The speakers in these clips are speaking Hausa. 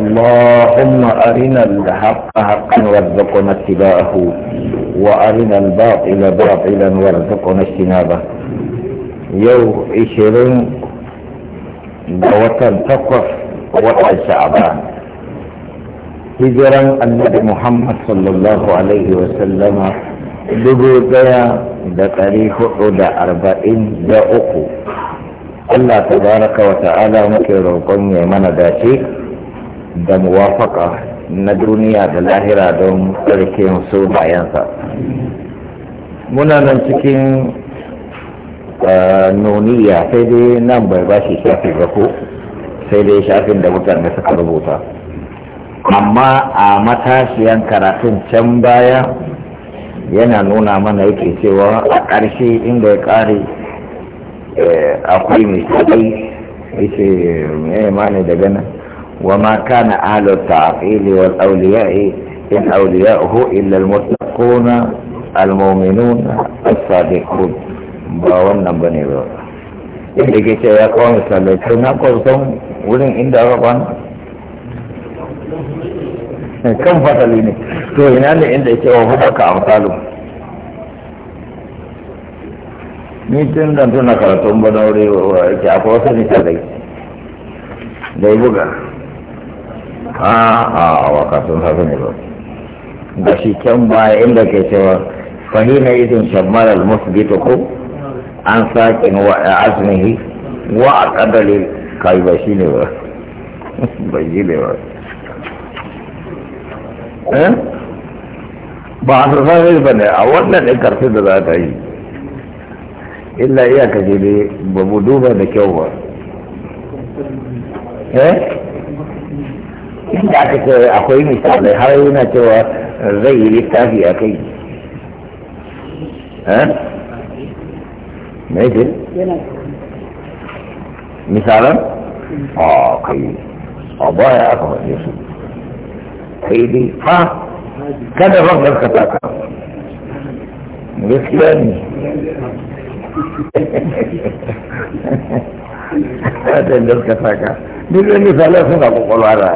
اللهم أرنا الحق حقا وارزقنا اتباعه وأرنا الباطل باطلا وارزقنا اجتنابه يو عشرين دوتن تقف وطن شعبان هجرا النبي محمد صلى الله عليه وسلم dubu لتاريخ da أربعين hudu الله تبارك وتعالى مكرر Allah يمنى wa da muwafaka na duniya da lahira don tsarkin su bayansa muna nan cikin eh, noniya sai dai nan bai ba shi shafi ba ko sai dai shafin da mutane suka rubuta amma a matashiyan karatun can baya yana nuna mana yake cewa a ƙarshe inda ya ƙare eh, akwai mai shaɗai yake mai ne daga nan وما كان أهل التعقيل والأولياء إن أولياؤه إلا المتقون المؤمنون الصادقون باوانا بني بابا yadda ce ya kawo misalai na kwautan wurin inda aka kwana kan fasali ne to ina ne inda yake wa hudu ka amsalu tuna karatun ba na buga a a waka sun sa ne ba da shi can baya inda ke cewa fahina idin shammar al-musbitu ko an sakin wa a azmihi wa a kadali kai ba shi ne ba ba shi ne ba eh? ba a sassan ba ne a wannan ɗin karfi da za ta yi illa iya kaje ne ba mu duba da kyau ba eh inda aka ce akwai misalai har yana cewa zai yi littafi a kai me ce misalan a kai a baya aka faɗe su kai dai fa kada ban gaskata ka gaskiya ne kada gaskata ka duk wani misalai suna kwakwalwa da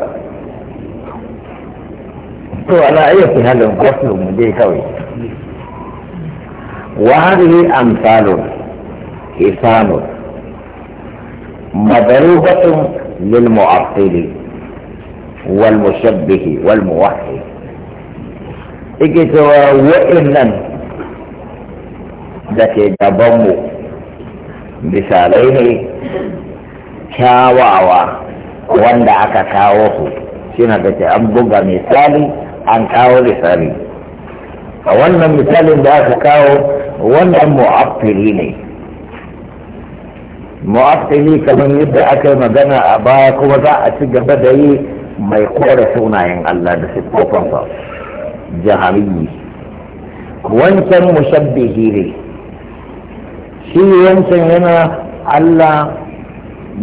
to ala ayyati halin kwaslu mu dai kawai wa hadhihi amsalun hisanun مضروبة للمعطل والمشبه والموحد اجتوا وإنن ذاك جبمو misalai kyawawa wanda aka kawo su shi na da an buga misali an kawo misali a wannan misalin da aka kawo wannan mu'affili ne mu'affili kamar yadda aka yi magana a baya kuma za a ci gaba da yi mai kore sunayen Allah da siffofinsa jahamiyi wancan mushabbihi ne shi wancan yana Allah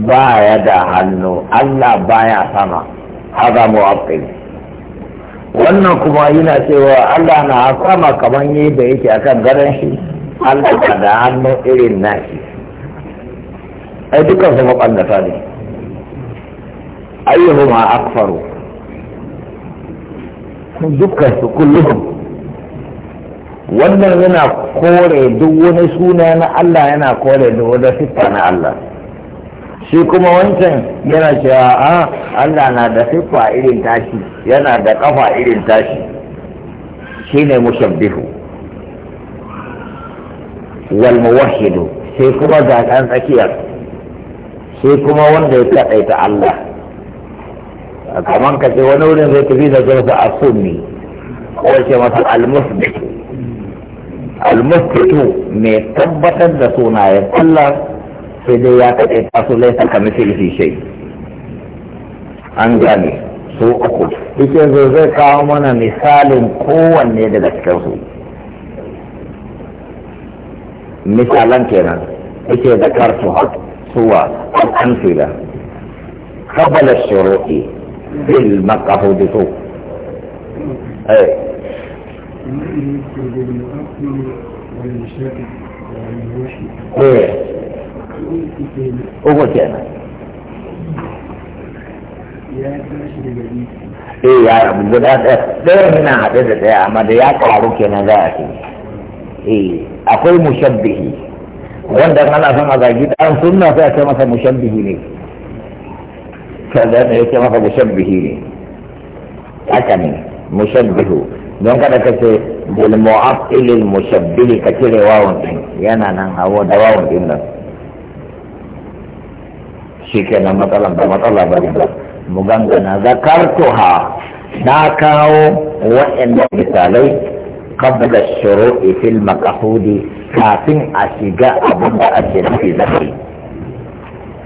baya da hannu Allah baya sama haza mu'affili wannan kuma yana cewa Allah na sama kamar da yake kan gadon shi Allah na da hannu irin nashi ai dukkan su maɓannata ne ayyuhuma akfaru dukkan su kullum wannan yana kore duk wani suna na Allah yana kore duk wani siffa na Allah shi kuma wancan yana cewa a ah, Allah na da siffa irin tashi yana da kafa irin tashi shine mushabbihu wal muwahhidu sai kuma zakan tsakiyar sai kuma wanda ya kadaita Allah kamar ka ce wani wurin zai tafi da zarfa a sunni ko ce masa al-musbitu al-musbitu mai tabbatar da sunayen Allah sai dai ya kaɗe tasu laisa ka misali shai an gane su uku ike zo zai kawo mana misalin kowanne daga cikinsu misalan kenan ike da kartu suwa an fila قبل الشروط في المقعود فوق اي ايه uku kenan eh ya abu guda ɗaya yana haɗe da ɗaya amma da ya ƙaru kenan za a ce eh akwai mushabbihi wanda ana son a zagi da sunna sai a ce masa mushabbihi ne kada ne ya ce masa mushabbihi ne haka ne mushabbihu don kada ka ce bil mu'aqqil da ka cire wawan din yana nan hawo da wawan din nan shi kenan matsalan ba matsala ba ne ba mu gangana zakartuha na kawo waɗannan misalai qabla shuru'i fil maqhudi kafin a shiga abin da ake nufi da shi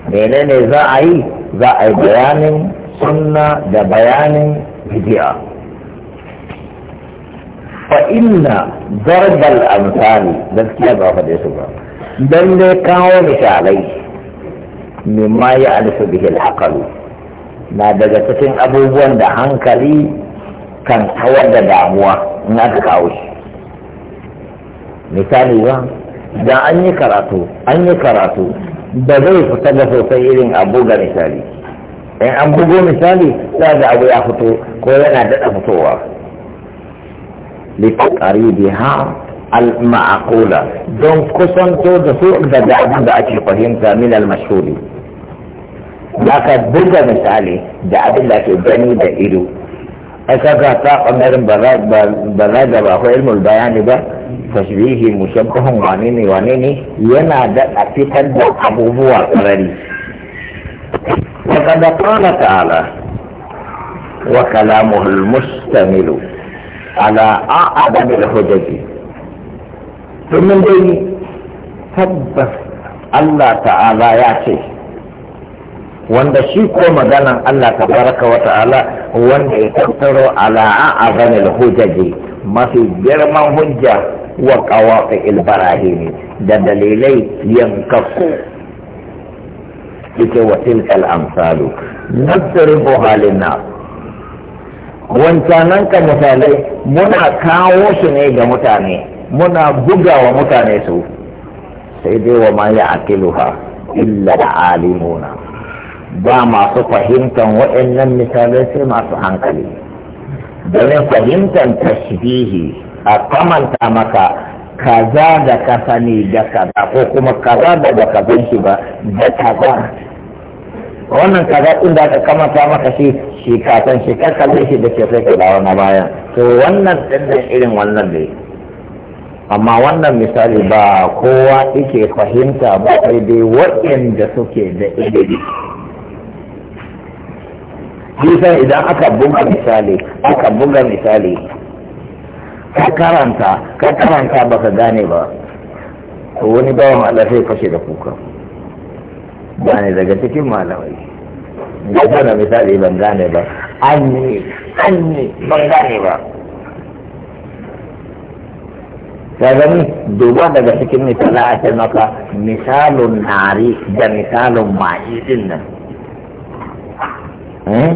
menene za a yi za a yi bayanin sunna da bayanin bid'a fa inna darbal amsali gaskiya ba fa da su ba dan dai kawo misalai mimma ya alifu bihil aqalu na daga cikin abubuwan da hankali kan kawar da damuwa in aka kawo shi misali ba da an yi karatu an yi karatu da zai fita da sosai irin abu ga misali in an bugo misali za da abu ya fito ko yana daɗa fitowa ƙari ha al-ma'aqula don kusanto da su abin da ake fahimta min al-mashhuri aka buga misali da abin da ke gani da ido ai kaga ta ɓangaren ba za da ba ko ilmul bayani ba tashbihi mushabbahun wane ne wane ne yana da a fitar da abubuwa karari وقد قال تعالى وكلامه المستمل على أعظم الحجج ثم دي تبس الله تعالى يا شيخ wanda shi ko maganan Allah baraka wa ta'ala wanda ya tattaro ala azanil hujaji mafi girman hujja wa qawafi'il barahim da dalilai yankakku yake wa tilkal amsalu nadribu na wancanan ka misalai muna kawo su ne ga mutane muna buga wa mutane su sai dai wa ma ya aqiluha illa alimuna ba masu fahimtar waɗannan misalai sai masu hankali domin fahimtar tashbihi a kamanta maka kaza da ka sani da kaza ko kuma kaza da ba ka san shi ba da kaza wannan kaza din da aka kamata maka shi shi ka san shi ka kalle shi da ke sai ka dawo na baya to wannan din irin wannan ne amma wannan misali ba kowa yake fahimta ba sai dai waɗanda suke da ilimi kisa idan aka buga misali aka buga misali ka karanta ka karanta baka gane ba ko wani ba bawan Allah sai fashe da kuka gane daga cikin malamai da tana misali ban gane ba an yi an yi ban gane ba ta gani duba daga cikin misali a ce maka misalun nari da misalun ma'i nan Eh?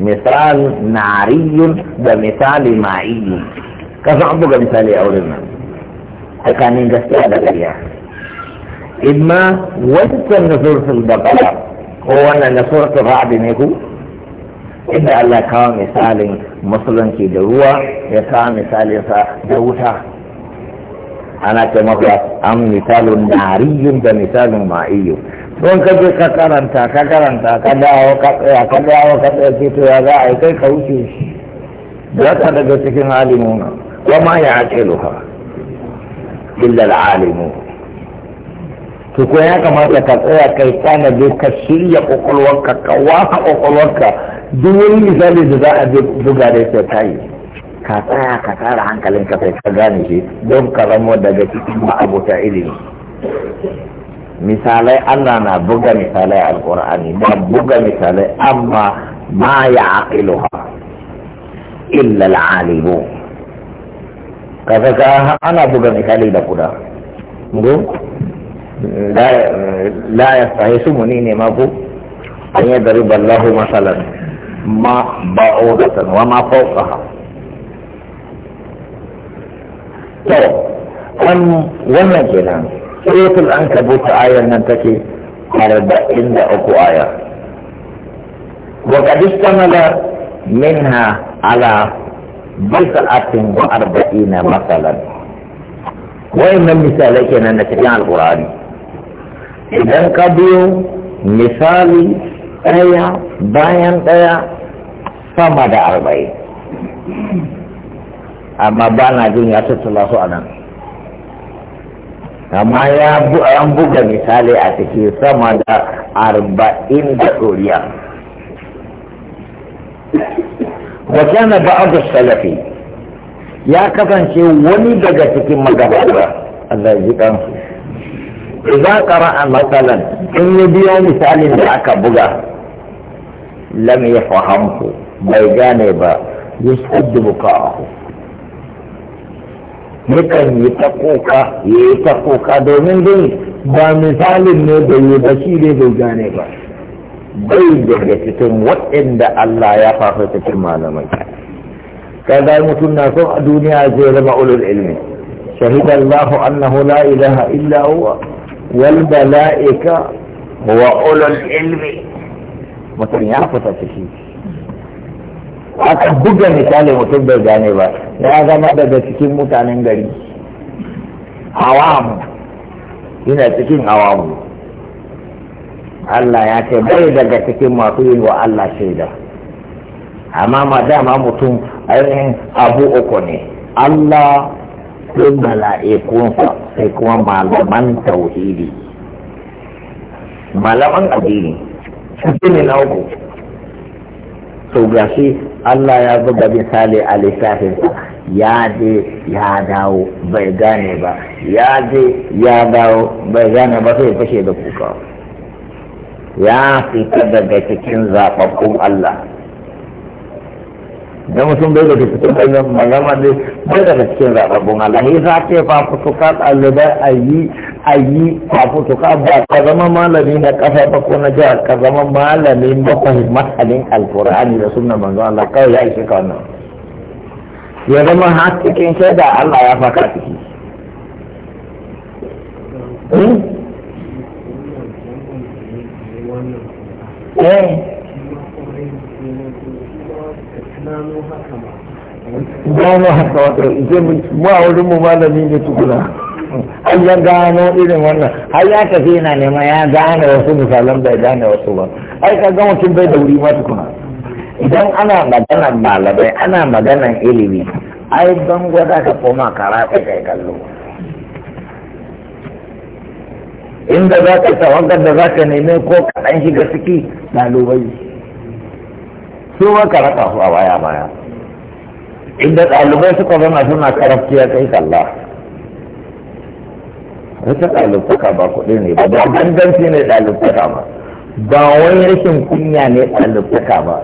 misal nariyun da misali ma'iyun kasan an buga misali a wurin nan tsakanin gaskiya da ƙarya imma wancan na da baqara ko wannan na suratul ra'd ne ku inda Allah kawo misalin musulunci da ruwa ya kawo misalin sa da wuta ana ce maka an misalin nariyun da misalin ma'iyun don ka je ka karanta ka karanta ka dawo ka tsaya ka dawo ka tsaya ce to ya za a yi kai ka wuce shi za ka daga cikin alimuna kuma ya ake luka illal alimu to ko ya kamata ka tsaya kai tanadi ka shirya kwakwalwarka ka wasa kwakwalwarka duk wani misali da za a buga da ya ta yi ka tsaya ka tsara hankalinka ka sai ka gane shi don ka zama daga cikin ma'abota ilimi misalai Allah na buga misalai alƙur'ani da buga misalai amma ma ya aqiluha illa al'alimu kaga ka ana buga misali da kuda ngo la yastahisu muni ne ma ku an yi dariba Allahu masalan ma ba'udatan wa ma fawqaha to wannan kenan suratul an kabuta ayar nan take arba'in da uku aya wa qad istamala minha ala bis'atin wa arba'ina masalan wayannan misalai kenan na cikin alqur'ani idan ka biyo misali ɗaya bayan ɗaya sama da arba'in amma ba na jin ya tattala su a nan amma ya an buga misali a cikin sama da arba'in da ɗoriya wa ba ba'adu salafi ya kasance wani daga cikin magabata a ji kansu idza a masalan in ya biya misalin da aka buga lam fahamku bai gane ba yashaddu buka'ahu mukan yi ta koka ya yi ta domin dai ba misalin ne da yi ba shi ne bai gane ba bai daga cikin waɗanda Allah ya fafa cikin malamai kaga mutum na son a duniya zai zama ulul ilmi shahidan Allahu annahu la ilaha illa huwa wal malaika wa ulul ilmi mutum ya fita ciki aka buga misali mutum bai gane ba ya zama daga cikin mutanen gari hawamu yana cikin hawamu Allah ya ce bai daga cikin masu yin wa Allah shaida amma ma dama mutum ainihin abu uku ne Allah sun mala'ikunsa sai kuma malaman tauhidi malaman addini shi ne na uku to gashi Allah ya buga misali a lissafinsa ya je ya dawo bai gane ba ya je ya dawo bai gane ba sai fashe da kuka ya fita daga cikin zaɓaɓɓun Allah da mutum bai da cikin ɗanyen magana ne bai da cikin zaɓaɓɓun Allah ya za ce fafutuka ɗalibai a yi a yi fafutuka ba ka zama malami na ƙasa ba ko na jihar ka zama malami mafahi mahalin alkur'ani da sunan manzo Allah kawai ya ishe ka wannan ya zama hakikin cikin shaida Allah ya faka ciki. Hmm? Eh. gano haka wato ije mu a wurin mu malami ne tukuna an ya gano irin wannan har ya tafi yana nema ya gane wasu misalan bai gane wasu ba ai ka ga mutum bai da wuri ba tukuna idan ana maganan malamai ana maganan ilimi ai ban gwada ka koma karatu kai kallo inda za ka tawagar da za ka neme ko kaɗan shiga ciki ɗalibai su ma ka raka su a baya baya inda ɗalibai suka zama suna karafci ya kai kalla wata ɗalibtaka ba kuɗi ne ba ba danganci ne ɗalibtaka ba ba wani rashin kunya ne ɗalibtaka ba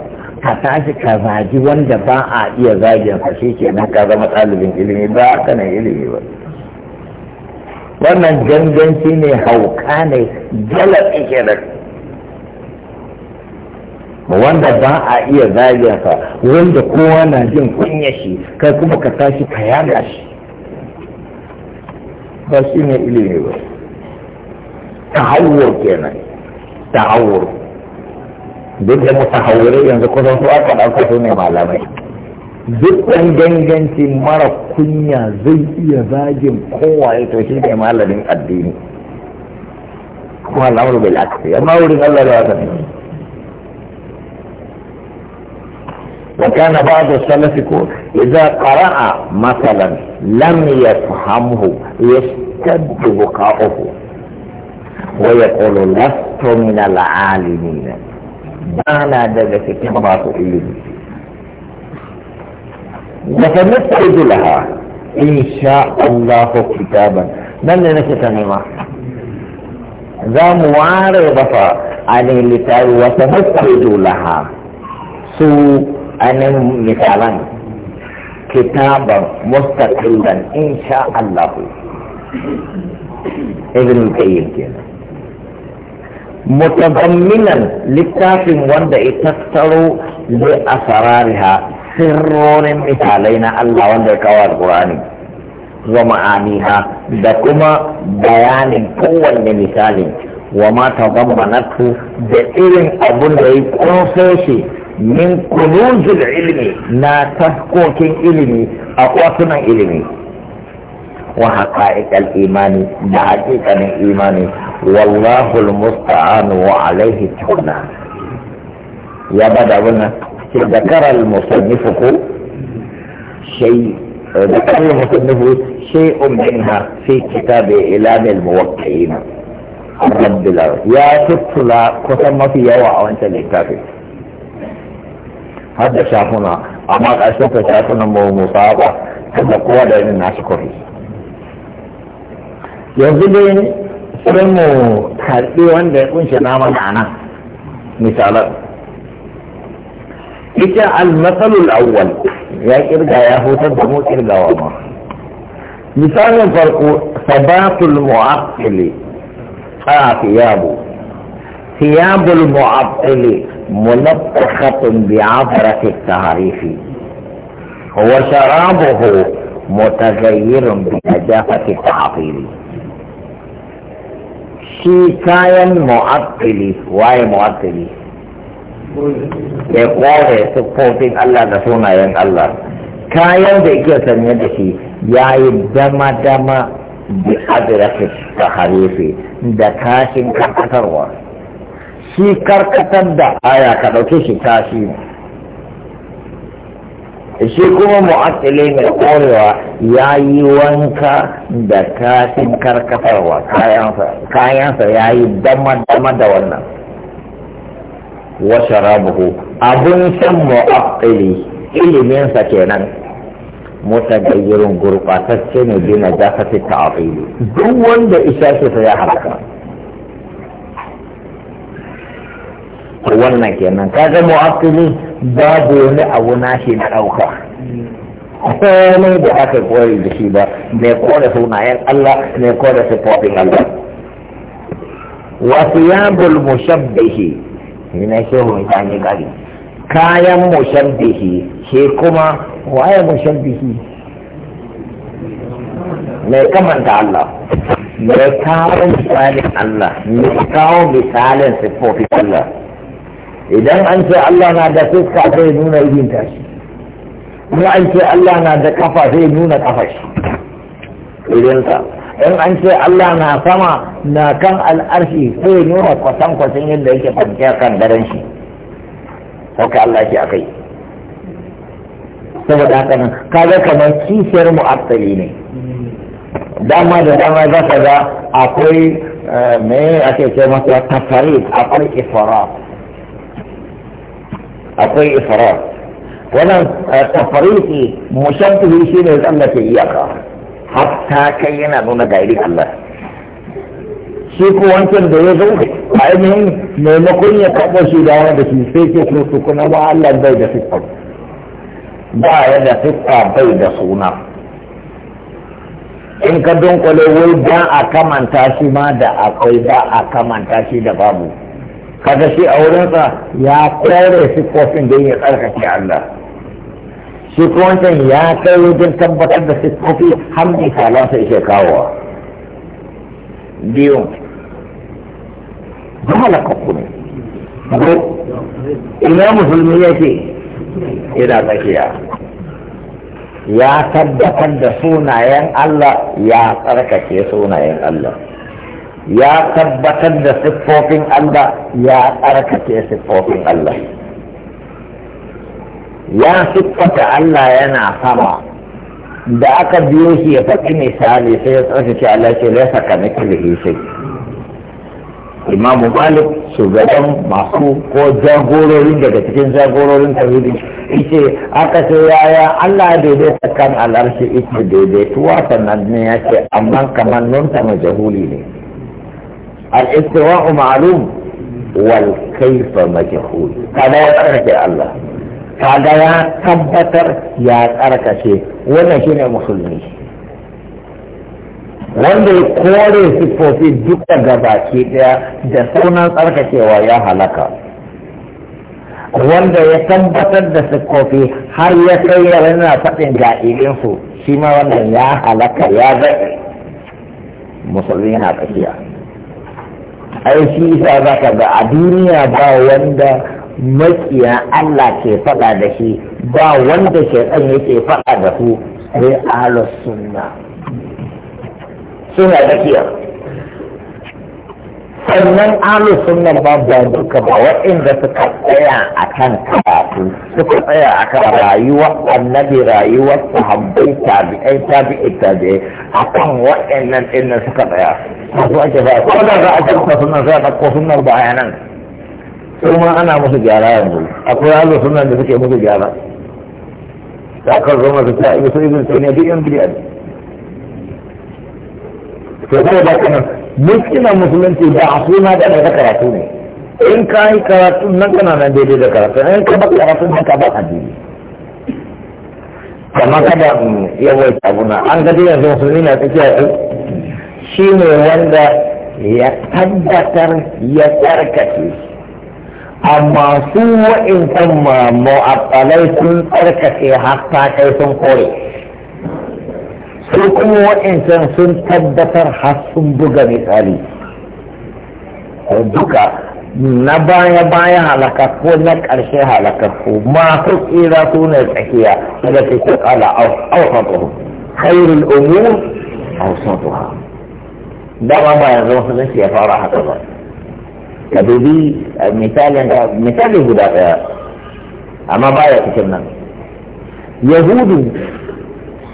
ka tashi ka zagi wanda ba a iya zagin sa shi ke nan ka zama ɗalibin ilimi ba haka nan ilimi ba wannan ganganci ne hauka ne galar ke da wanda ba a iya zagensa wanda kowa na jin kunya shi kai kuma ka tashi ka yaga shi ba shi ne ilimi ba tahawur kenan tahawur duk da mutahawurai yanzu kusan su aka ɗauka su ne malamai duk ɗan ganganci mara kunya zai iya zagin kowa ya to shi ne malamin addini kuma al'amuru bil aksi amma wurin Allah da wata ne وكان بعض السلف يقول إذا قرأ مثلا لم يفهمه يشتد بقاؤه ويقول لست من العالمين أنا دجت كبرات إليه وسنستعد لها إن شاء الله كتابا من نكتنما ذا معارضة عن اللي وسنستعد لها سوء anan misalan kitaban mustaqilan insha Allah ibn qayyim kenan mutadamminan littafin wanda ya tattaro zai asrariha sirrorin misalai na Allah wanda ya kawo alqur'ani wa ma'aniha da kuma bayanin kowanne misalin wa ma tadammanatu da irin abun da ya kunso shi من كنوز العلم نا تحقوكين علمي أقواتنا علمي وحقائق الإيمان بحقيقة الإيمان والله المستعان وعليه تكنا يا بدا ونا ذكر المصنف شيء ذكر المصنف شيء منها في كتاب إعلام الموقعين رب الله يا تطلع كتب ما في يوعى وانت الكافر har da shafuna amma ƙarshen ta shafunan mu musa ba kada kowa da irin nasu kofi yanzu dai sai mu karɓi wanda ya kunshe nama da nan misalan ita al-masalul awwal ya kirga ya hutar da mu kirgawa ma misalin farko sabatul mu'aqqili a thiyabu thiyabul mu'aqqili منطخة بعذرة التعريف وشرابه متغير بنجاحة التعطيل شيكايا معطلي واي معطلي يقول سقوط الله رسولنا ين الله كايا بيكي سنجدشي يا دما دما بحضرة التحريف دكاشن كأثر ورس shi karkatar da aya ka ɗauke shi tashi shi kuma mu'attile mai ƙorewa ya yi wanka da kashin karkatarwa kayansa ya yi dama-dama da wannan wasa rabuhu abun san mu'attile iliminsa kenan mutagayyirin gurɓatacce ne bi na jafafi ta'afili duk wanda isa shi ya halaka wannan kenan kaga mu'akkili babu wani abu nashi na ɗauka komai da aka koyar da shi ba mai kore sunayen Allah mai kore sifofin Allah wasu yabul mushabbihi shi ne shehu ya yi gari kayan mushabbihi shi kuma waye mushabbihi mai kamanta Allah mai kawo misalin Allah mai kawo misalin sifofin Allah idan an ce Allah na da fuska zai nuna irin tashi in an ce Allah na da kafa zai nuna kafa shi irinsa in an ce Allah na sama na kan al'arshi sai nuna kwasan kwasan yadda yake kwanciya kan daren shi sauka Allah ke kai saboda haka nan kaga kamar kishiyar mu'attali ne dama da dama za ka ga akwai eh, me ake ce masa tafarid akwai ifrat akwai israr wannan eh, tafariki mushabbihi shine tsallake iyaka hatta kai yana nuna ga Allah shi ko wancan da ya zo a ainihin maimakon ya taɓa shi da wani da shi sai ke so su kuma ba Allah bai da siffar ba ya da siffa bai da suna in ka dunkule wai ba a kamanta shi ma da akwai ba a kamanta shi da babu kaga shi a wurinsa ya kore siffofin da ya tsarkake Allah shi ko wancan ya kai wajen tabbatar da siffofi har misalansa yake kawowa biyu halakakku ne ina musulmi yake ina tsakiya ya tabbatar da sunayen Allah ya tsarkake sunayen Allah ya tabbatar da siffofin Allah ya tsarkake siffofin Allah ya siffata Allah yana sama da aka biyo shi ya faɗi misali sai ya tsarkake Allah ce laisa ka mithlihi shay Imam Malik shugaban masu ko jagororin daga cikin jagororin tarihi yace aka ce yaya Allah daidai kan al'arshi ita tuwa sannan ne ce amma kamar nunta ta jahuli ne الاستواء معلوم والكيف مجهول هذا يا ترك يا الله هذا يا تبتر يا ترك شيء وانا شين يا مسلمي وانا يقولي في فوفي دكتا غباكي يا دسونا ترك شيء ويا هلكا وانا يتبتر دسكو في هل يكي لنا فتن جائلين فو شما وانا يا هلكا يا ذكي مسلمين هكذا ai shi isa za ka ga a duniya ba wanda makiya Allah ke faɗa da shi ba wanda shaitan yake faɗa da su sai ahlus sunna suna da kiyar sannan alu sunnan babba duka ba waɗanda suka tsaya a kan karatu suka tsaya a kan rayuwa annabi rayuwar sahabbai tabi'ai tabi'i tabi'ai a kan waɗannan ɗinnan suka tsaya masu ake ba ko da za a kirka sunan sai a ɗauko sunan bayanan su ma ana musu gyara yanzu akwai alu sunan da suke musu gyara da kan zama su ta ibi su ibi su ne duk yan biyar. Sai da kanan muskinan musulunci da a suna da ɗaga karatu ne in ka yi karatu nan kana nan daidai da karatu in ka ba karatu nan ka ba addini kama kada yawai tabuna an ga dai yanzu musulmi na tsakiya shi ne wanda ya tabbatar ya tsarkake amma su wa'in kan ma'abalai sun tsarkake har kai sun kore su kuma wa'incan sun tabbatar har sun buga misali duka na baya baya halakakku na ƙarshe halakakku masu tsira su ne tsakiya daga cikin ala ausatuhu khairul umur ausatuha dama ba yanzu wasu zai ya fara haka ba ka dubi misali guda ɗaya amma baya cikin nan yahudu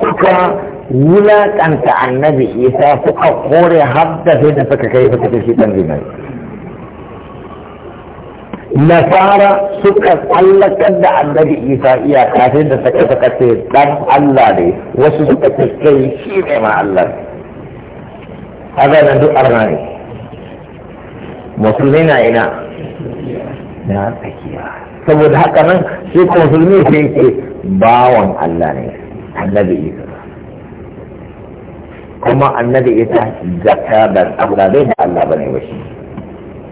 suka wulaƙanta annabi isa suka kore har da sai da suka kai suka ce shi ɗan zinari nasara suka tsallakar da annabi isa iyaka sai da suka suka ce ɗan allah ne wasu suka ce kai shi ne ma allah haka nan duk arna ne musulmi na ina na tsakiya saboda haka nan shi musulmi sai ke bawan allah ne annabi isa kuma annabi ita zakka da Allah bai da Allah bane ba shi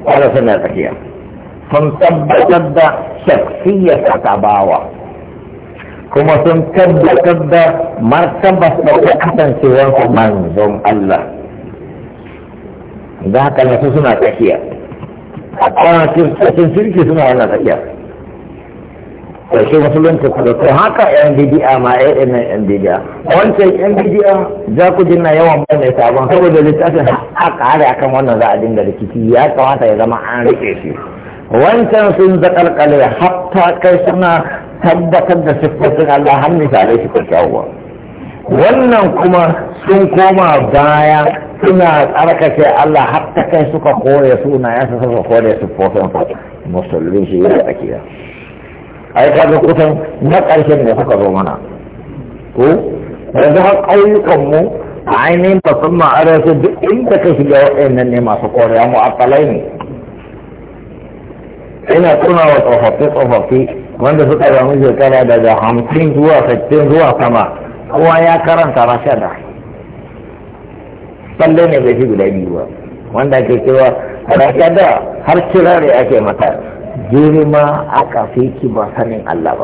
kwana na tsakiya sun tabbatar da shakhsiyar katabawa kuma sun tabbatar da martaba da ta kasancewar manzon Allah da haka na su suna tsakiya a kwanakin sun sirki suna wannan tsakiya da musulunci ku da haka yan bidiya ma ya yi yan bidiya wancan yan bidiya za ku jina yawan bai mai sabon saboda littafin a kare akan wannan za a dinga rikici ya kamata ya zama an rike shi wancan sun zakalkale hatta kai suna tabbatar da siffofin Allah har misalai shi kyakkyawa wannan kuma sun koma baya suna tsarkake Allah har kai suka kore sunayensa suka kore siffofin musulunci shi ya tsakiya ai ga kusan na ƙarshen da suka zo mana ko yanzu har mu a ainihin musamman arewa duk inda ka shiga wa'annan ne masu koriya mu akalai ne ina tunawa tsofaffi tsofaffi wanda suka zama shekara daga hamsin zuwa sittin zuwa sama kowa ya karanta rashada tsalle ne bai shi guda biyu ba wanda ake cewa rashada har kira ne ake mata girma aka fi ki ba sanin Allah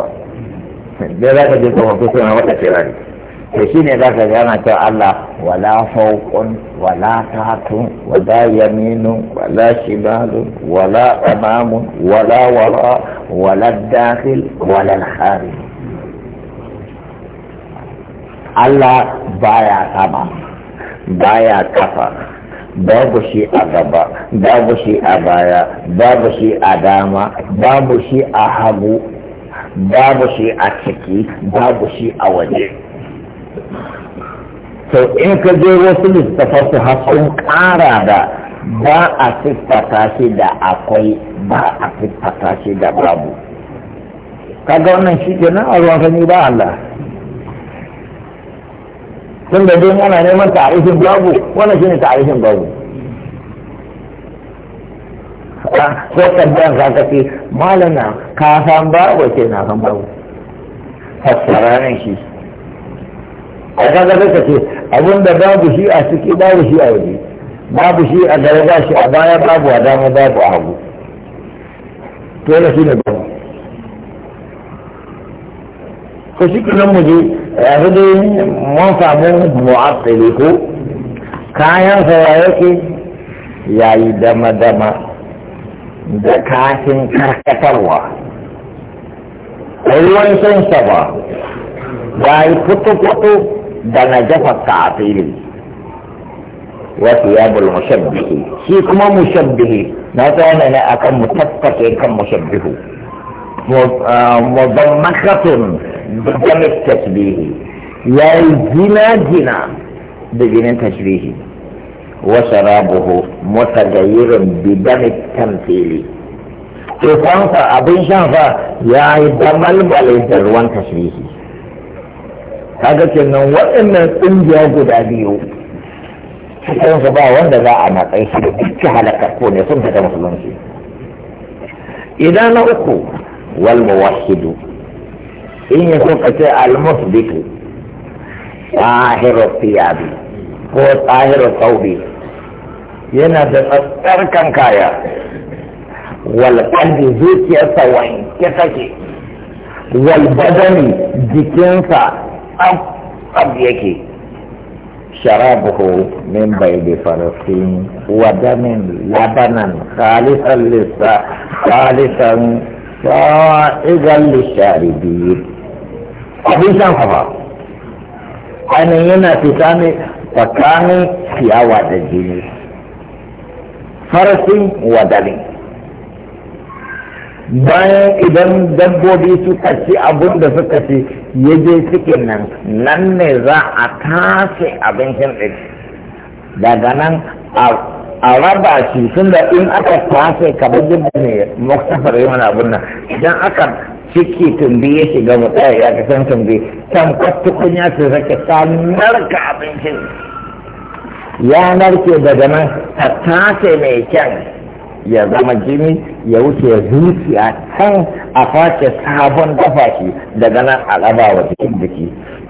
ba dai za ka je ka mafi suna wata kirari to shi ne za ka gana cewa Allah wala Fawqun, wala tahtun wala yaminun wala shibalun wala amamun wala wara wala dakhil wala al-kharij Allah baya kama, baya kafa babu shi a gaba babu shi a baya babu shi a dama babu shi a hagu babu shi a ciki babu shi a waje to in ka je wasu littafar su sun ƙara da ba a siffata shi da akwai ba a siffata shi da babu kaga wannan shi ke nan a ruwan sani ba Allah tun da dai ana neman ta'arifin babu wannan shine ta'arifin babu ko kaddan za ka ce malana ka san babu ce na san babu fassara ne shi a kaga zai ka ce abinda babu shi a ciki babu shi a waje babu shi a gare ba shi a baya babu a dama babu a hagu to yana shi ne babu ko shi kunan mu je هذه منفع من معطله kayan sawa yake yayi dama-dama da kashin karkatarwa ruwan sun saba ya yi fito-fito da na jafa a fili wasu ya bul mushabbihi shi kuma mushabbihi na tsawon ne akan mu tattake kan mushabbihu mudammakatun بدم التشبيه يا يعني زنا زنا بدم التشبيه وشرابه متغير بدم التمثيل تفانسا أبين شانسا يا يعني دم الملك دروان تشبيه هذا كنا وإن من قد أبيو سيكون سبا وانده لا أنا قيسي بكها لك أكوني ثم تتمثلون إذا نوكو والموحدو in ya so ka ce almusbitu tsahirar tiyabi ko tsahirar saubi yana da tsarkan kaya walƙalbi zuciyarsa wanke take walbadani jikinsa tsab yake شرابه من بيض فلسطين ودم لبنا خالصا للس خالصا سائغا للشاربين abin shan ba ainihin yana fita ne tsakanin ciyawa da jini farasin wadali bayan idan dabbobi suka ci abin da suka ci ya je cikin nan nan ne za a tashi abincin ɗin daga nan a a raba shi tun da in aka fasa kamar yadda ne muktasar yi wani abin nan idan aka ciki tumbi ya shiga mutum ya ka san tumbi can kun ya su sake ta narka abincin ya narke daga nan ta tace mai kyan ya zama jini ya wuce zuciya can a face sabon dafa shi daga nan a raba wa cikin jiki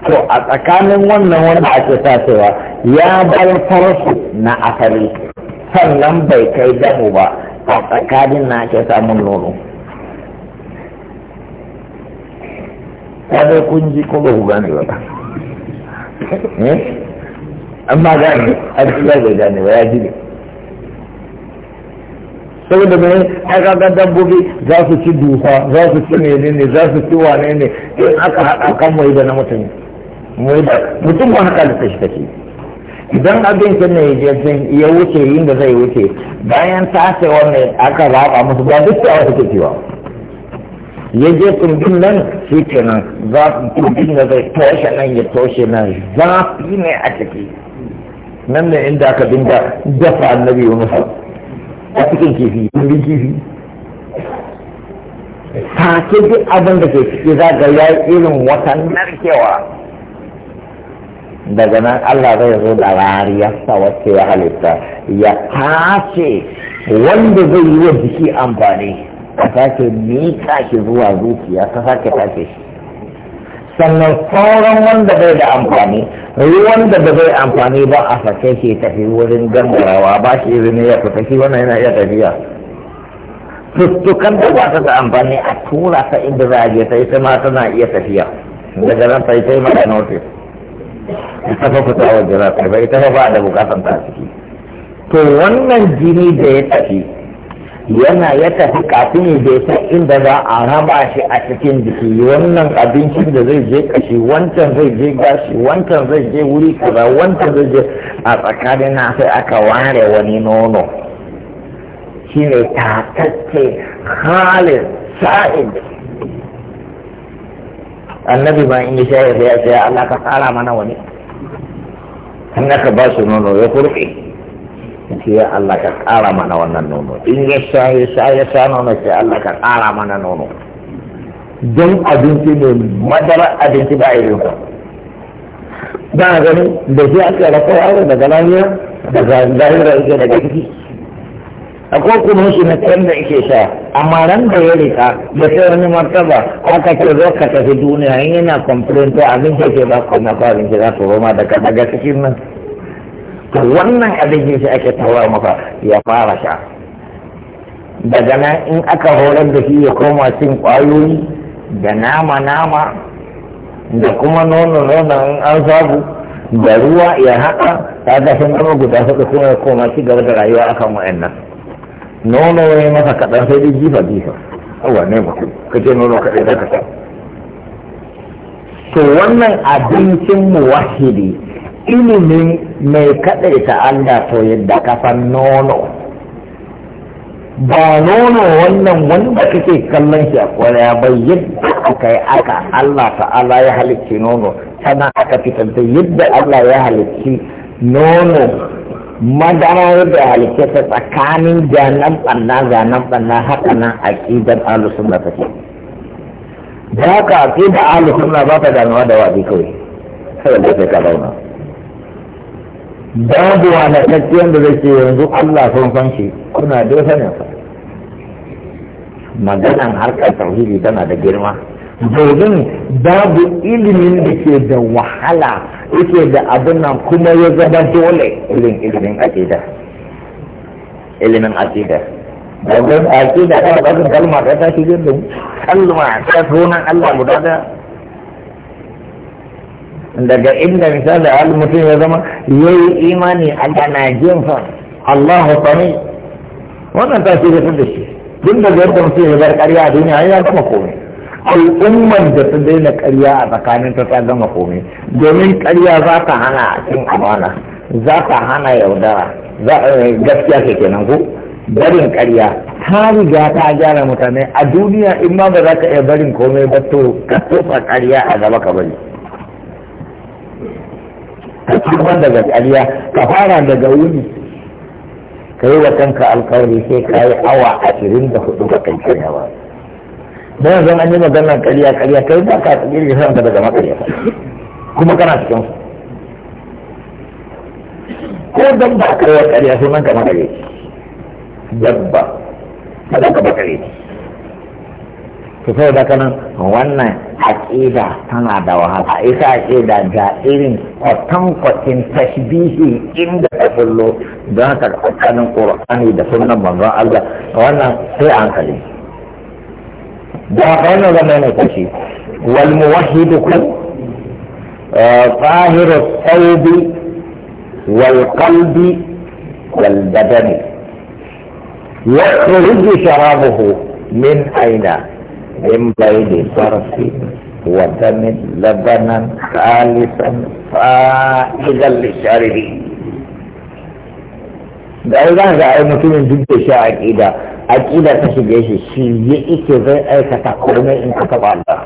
to a tsakanin wannan wanda ake tasewa ya bar farko na asali sannan bai kai damu ba a tsakanin na ake samun nono kada kun ji ko ba ku gane ba eh? amma gane a cikin bai gane ba ya ji ne saboda mai haka dabbobi za su ci dusa za su ci ne za su ci wane ne in aka haɗa kan mai da na mutum mai da mutum ba haka da kashi take idan abin abincin ne ya wuce yin da zai wuce bayan tace wannan aka zaɓa musu ba duk da wata cewa ya je tsundun nan shi kenan za tsundun da zai toshe nan ya toshe nan zafi ne a ciki nan ne inda aka dinga dafa annabi wani sa a cikin kifi ɗumbin kifi Ta ce duk abin da ke ciki za ga ya irin wata narkewa daga nan Allah zai zo da rariyarsa wacce ya halitta ya tace wanda zai yi wa jiki amfani a sake miƙa shi zuwa zuciya ta sake tace shi sannan sauran wanda bai da amfani ruwan da ba zai amfani ba a sake shi tafi wurin gangarawa ba shi izini ya fita shi wannan yana iya tafiya tuttukan da ba ta da amfani a tura ta inda za a je ta ita ma tana iya tafiya daga nan ta yi ta yi mata notice ita fa fita waje za kai ba ita ba da bukatan ta ciki to wannan jini da ya tafi yana ya tafi kafin da san inda za a raba shi a cikin jiki wannan abincin da zai je kashi wancan zai je gashi wancan zai je wuri kaza wancan zai je a tsakanin na sai aka ware wani nono Shi ta tatacce halin sa'id annabi ma in ya sha ya ya ce Allah ka tsara mana wani an ka ba su nono ya kurfe ce ya Allah ka ƙara mana wannan nono in ya sha ya sha ya sha nono ce Allah ka ƙara mana nono don abinci ne madara abinci ba irin ba ba gani da shi aka rafa yaro daga lafiya daga lahira yake daga ciki akwai kuma shi na can da ake sha amma ran da ya rika da sai wani martaba aka ce zo ka tafi duniya in yana complain to abin da ke ba ku na kwarin ki za ku roma daga daga cikin nan to wannan abin shi ake tawar maka ya fara sha daga nan in aka horar da shi ya koma cin kwayoyi da nama nama da kuma nono nono in an sabu da ruwa ya haɗa ta ga sun guda suka kuma koma ci gaba da rayuwa akan wa'annan nono ya masa kaɗan sai dai jifa jifa awa ne mutum ka je nono kaɗai da kasa to wannan abincin muwahidi ilimin mai kaɗaita Allah to yadda kasan nono ba nono wannan wanda kake kallon shi a kwarya ba yadda aka yi aka Allah ta'ala ya halicci nono sana aka fitar da yadda Allah ya halicci nono madarar da halittar ta tsakanin janan ɓanna zanen ɓanna haka nan aƙidar da take da haka aƙidar alusunna ba ta damuwa da wazi kawai sai da ka zauna babu wadatacciyar da zai ce yanzu Allah sun san shi kuna da sanin sa maganan harkar tauhidi tana da girma domin babu ilimin da ke da wahala yake da abin nan kuma ya zama dole irin ilimin akida ilimin akida domin akida ta bakin kalma ta ta shi gindin kalma ta sunan Allah guda da daga inda misali al mutum ya zama yayi imani Allah na jin fa Allahu sami wannan ta shi da shi Duk da yadda mutum ya bar ƙarya a duniya ya zama komai al'ummar da ta daina karya a tsakanin ta gama komai domin karya za ta hana cin amana za ta hana yaudara eh, gaskiya ke kenan ko barin karya ta riga ta gyara mutane a duniya in ma ba za ka iya barin komai ba to ka tofa karya a gaba ka bari ka cikin daga karya ka fara daga wuni ka yi wa kanka alkawari sai ka yi awa ashirin da hudu ka kai karya ba da yanzu an yi magana ƙarya ƙarya kai ba ka tsakiyar da kanka daga makarya kuma kana cikin ko dan ba ka yi ƙarya sai nan ka makare dabba kada ka makare to sai da kanan wannan aqida tana da wahala a isa aqida da irin kwatan kwatin tashbihi inda ta fullo don haka tsakanin qur'ani da sunan manzon Allah wannan sai an kalli da wannan zama mai kashi wal muwahhidu الثوب والقلب والبدن يخرج شرابه من أين؟ من بين صرف ودم لبنا خالصا فائدا للشاربين da ai za ga ai mutumin duk aƙida ta shige shi shi ya ike zai aikata komai in ka taɓa Allah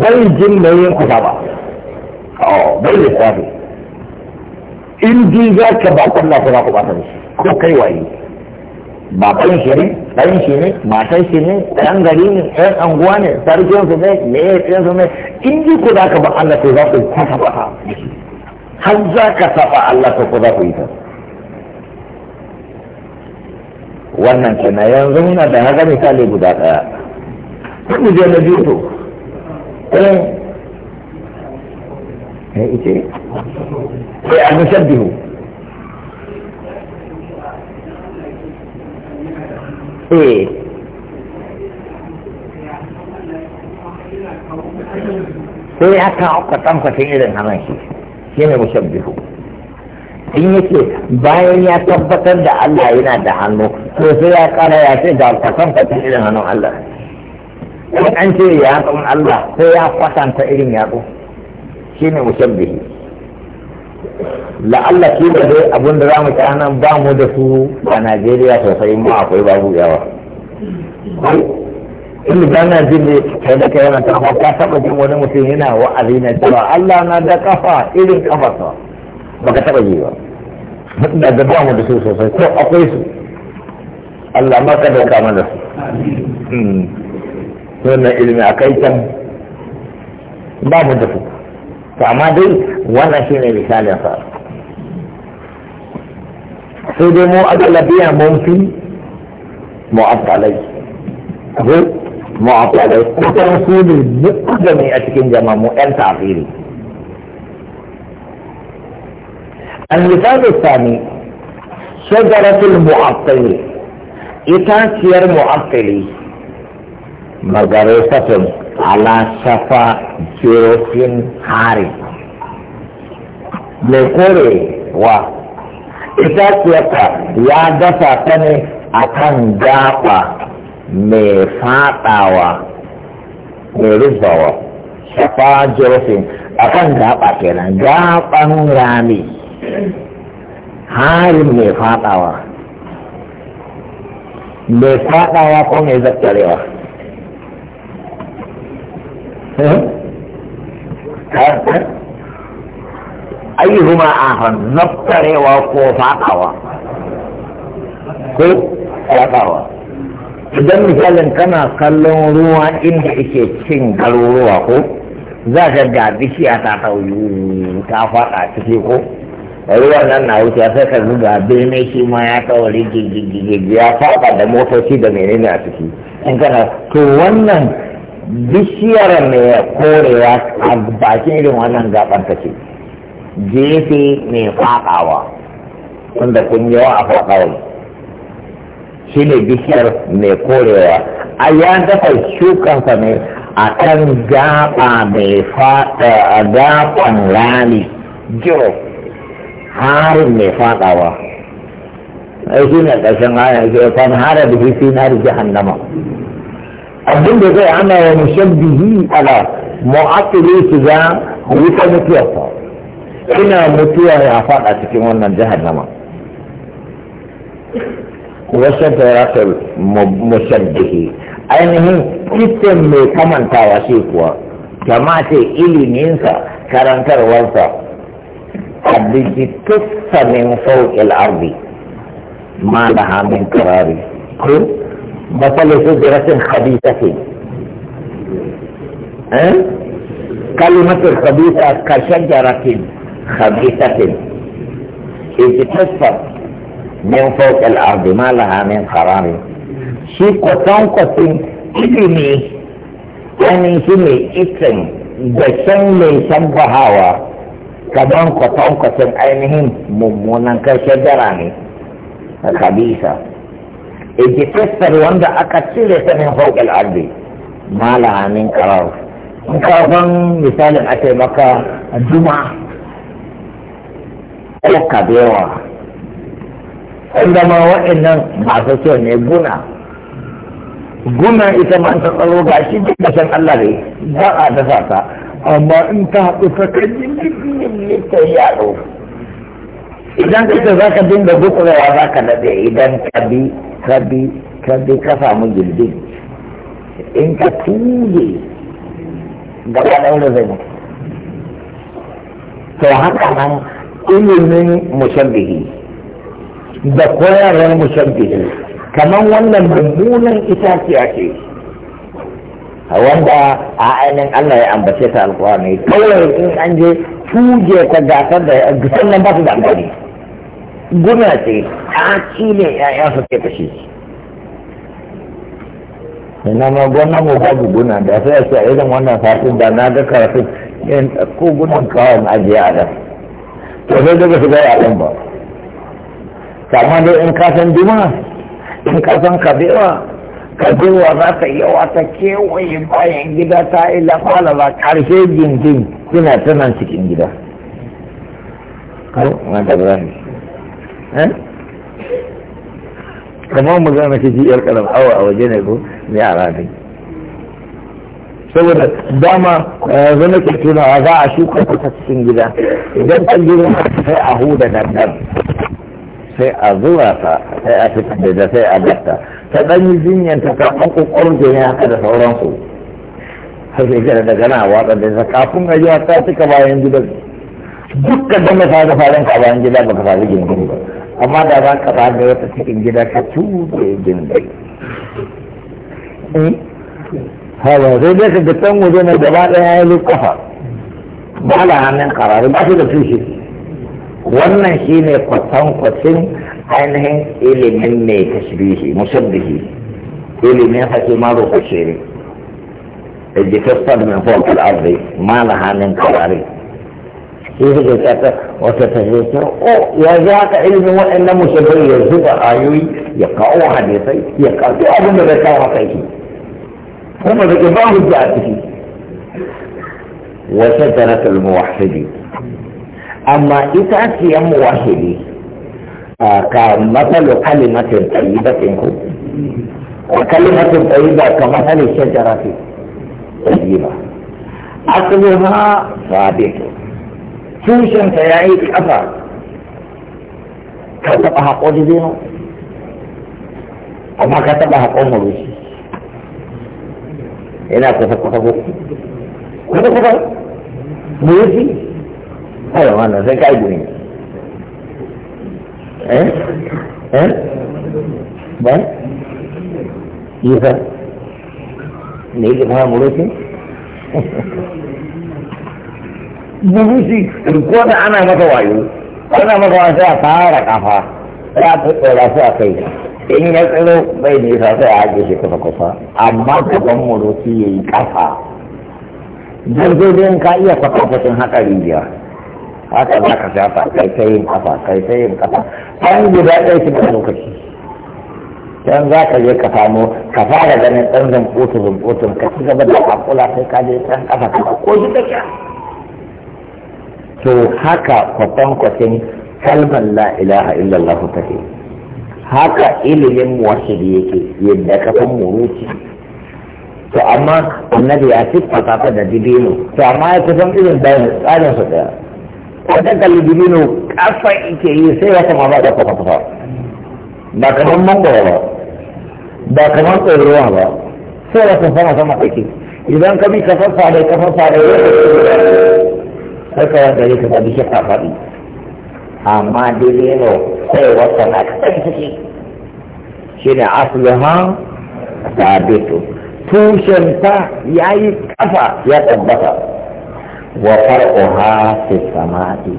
bai jin da yin kusa ba oh, bai lissafi in ji za ka ba kwanna ko za ku ba ta shi ko kai waye baban shi ne ɗan shi ne matan shi ne ɗan gari ne ɗan anguwa ne sarkin su ne me ɗan su ne in ji ku za ka ba Allah ko za ku kwata ta har za ka taɓa Allah ko za ku yi ta wannan kenan yanzu muna da haka misali guda ɗaya kuma je na biyu to eh eh ite eh al-mushabbihu eh sai aka akwatan kwatin irin hannun shi shi ne mushabbihu in yake bayan ya tabbatar da Allah yana da hannu to sai ya kara ya ce ga kwatanta irin hannun Allah in an ce ya tsan Allah sai ya kwatanta irin ne shine mushabbihi la'alla shi da dai abin da zamu ci anan ba mu da su a Najeriya sosai mu akwai babu yawa in ba na jin ne kai da kai yana ta ka taba jin wani mutum yana wa'azi na cewa Allah na da kafa irin kafarsa baka taba yi ba da da ba mu da su sosai ko akwai su Allah ma ka dauka mana su hmm. wannan ilimi akai can ba mu da su to amma dai wannan shine misalin sa sai dai mu agalabiya mun fi mu'affalai ko mu'affalai ko kan su ne duk da a cikin jama'a mu yan tafiri المثال الثاني شجرة المعطل إتاتير معطلي مغرفة على شفا جروف حارب لقري و إتاتيرك يا دفع تاني أكن جاقة مفاتاوة مرزوة شفا جروف أكن جاقة كنا جاقة رامي Hari mai fadawa mai fadawa ko mai Ayi eh? eh, eh? ayyuhuma a zakarewa ko fadawa ko fadawa idan misalin kana kallon ruwa inda ake cin garuruwa ko za ka ga bishiya ta tauyi ta fada ciki ko wani wannan na wuce sai ka zuga birnin shi ma ya kawari gigigigi ya faɗa da motoci da menene a ciki in kana to wannan bishiyar mai korewa a bakin irin wannan gaɓar ta ce jefe mai faɗawa wanda kun yawa a faɗawa shi ne bishiyar mai korewa a ya dafa shukansa ne a kan gaɓa mai faɗa a gaɓan rami jiro harin mai fadawa ai shi ne ƙarshen ayan ke kwan hara da fi na jahannama abin da zai ana wa mushabbihi ala mu'aqqili su ga wuta mutuwarsa ina mutuwa ya fada cikin wannan jahannama wasu taratul mushabbihi ainihin kitchen mai kamantawa shi kuwa jama'a ce iliminsa karantarwarsa التي تف من فوق الأرض ما لها من قرار كل مثل شجرة خبيثة أه؟ كلمة خبيثة كشجرة خبيثة إذ تف من فوق الأرض ما لها من قرار شيء قطان قطين إلمي يعني شيء إتن da من mai shabbahawa kaman kwatankwacin ainihin mummunan karshen dara ne a kabisa ejitastar wanda aka cire ta min fauƙil arzi malaha min karar in kafin misalin a ce maka juma ko kabewa sun zama waɗannan masu kyau ne guna guna ita ma an tsaro ga shi duk da san Allah ne za a dasa ta amma in ta haɗu ka jirgin yi ta yaro idan ka ce za ka dinga gutsurawa za ka daɗe idan ka bi ka bi ka bi ka samu jirgin in ka tule da ka ɗaura zai to haka nan ilimin musabbihi da koyarwar musabbihi kamar wannan mummunan itaciya ce wanda a ainihin Allah ya ambace ta alkurani kawai in an je fuje ta gasar da gasar nan ba su da amfani guna ce a ci ne ya'ya su ke kashe ina ma gona mu babu guna da sai a ce irin wannan satin da na ga karatun yin ko gunan kawai na ajiye a nan to sai daga su gaya a ba amma dai in kasan san in kasan kabewa kaduwa za ta yawa ta kewaye bayan gida ta ila ba karshe jinjin suna tana cikin gida eh? kamar mu zama ce ji yar kalam awa a waje ne ko ne a rafi saboda dama yanzu eh, nake tunawa za a shuka ta cikin gida idan ta girma sai a huda nan sai a zuwa ta sai a fitar da sai a datta ta dan yi jinyar ta ɗan ƙoƙarin jini haka da sauransu har shekara da gana watsa da ta kafin a yi ta cika bayan gidan dukkan da mafi da faɗin ka bayan gida baka faɗi gindin ba amma da za ka faɗi wata cikin gida ka tuɗe gindin eh? hawa zai dai ka gatan waje na gaba ɗaya ya yi kafa ba da hannun karari ba su da tushe wannan shine kwatankwacin ainihin ilimin mai tashbihi musabbihi ما hakimar rukushe ne الجفاف من فوق الأرض ما لها من قراري كيف كذا وتتجسر أو يا ذاك علم وإن مسبي يزد آيوي يقع حديثي يقع في أبن بكاء فيه هم بكباه جاءته وشجرة الموحدين أما إذا كان موحدين ka matsalo kalimatin tayyibatin ku wa kalimatin tayyiba ka matsalo shajarati tayyiba asluha sabitu tushen ta yayi kafa ka taba hakuri zino amma ka taba hakon murushi yana kusa kusa ko kusa kusa murushi ayo wannan sai kai gumi eh eh ba isa ne ke fara muro ce bubusi ana masa wayo ana masa wayo sai a fara kafa ya tsora su a kai in ya tsiro bai nisa sai a haƙe shi kusa kusa yi kafa don zai ka iya kwakwafashin haƙa rijiya haka za ka shafa kai ta yin kafa kai ta yin kafa an da ɗaya shi da lokaci can za ka je ka samu ka fara ganin ɗan zamɓotu zamɓotun ka ci gaba da haƙula sai ka je ɗan kafa ka ko shi da to haka kwatankwacin kalmar la ilaha illallah ke haka ilimin ya yake yadda kafin muruci to amma annabi ya siffata kafa da dibino to amma ya kusan irin tsarin su daya kwanan kalli dibino kafa ike yi sai ya kama ba da kafa kafa ba kamar mangoro ba ba kamar ba sai sama sama ake idan ka bi kafa fadai kafar fadai sai ka wanda ya kafa bi ya faɗi amma dibino sai wata na kafa take shi ne asluhan sabitu ya yi kafa ya tabbata wa far'uha fi samai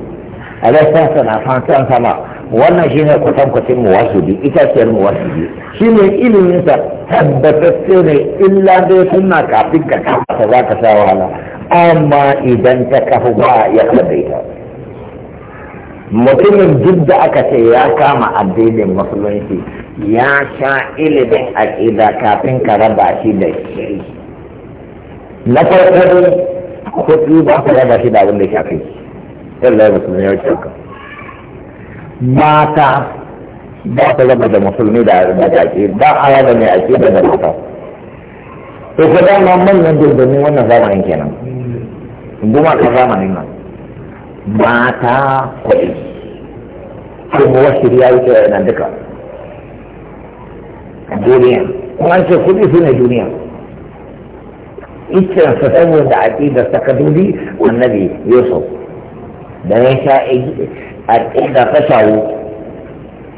alaihi sana fatan sama wannan shine kusan kusin muwahidi ita ce muwahidi shine ilimin sa tabbatacce ne illa dai suna kafin ka kafa za ka sha wahala amma idan ta kafa ba ya kadaita mutumin duk da aka ce ya kama addinin musulunci ya sha ilimin aƙida kafin ka raba shi da shi na farko kuɗi ba su raba shi da da shafi musulmi ba musulmi da ake ba a mai ake da da mata to ku dama manyan wannan zamanin kenan goma ka zamanin nan mata kuɗi kuma wuce yana duka duniya kuma an ce kuɗi su ne duniya إيش فتاوي بعقيدة تقدودي والنبي يوسف دنيشا إيش إذا فشوا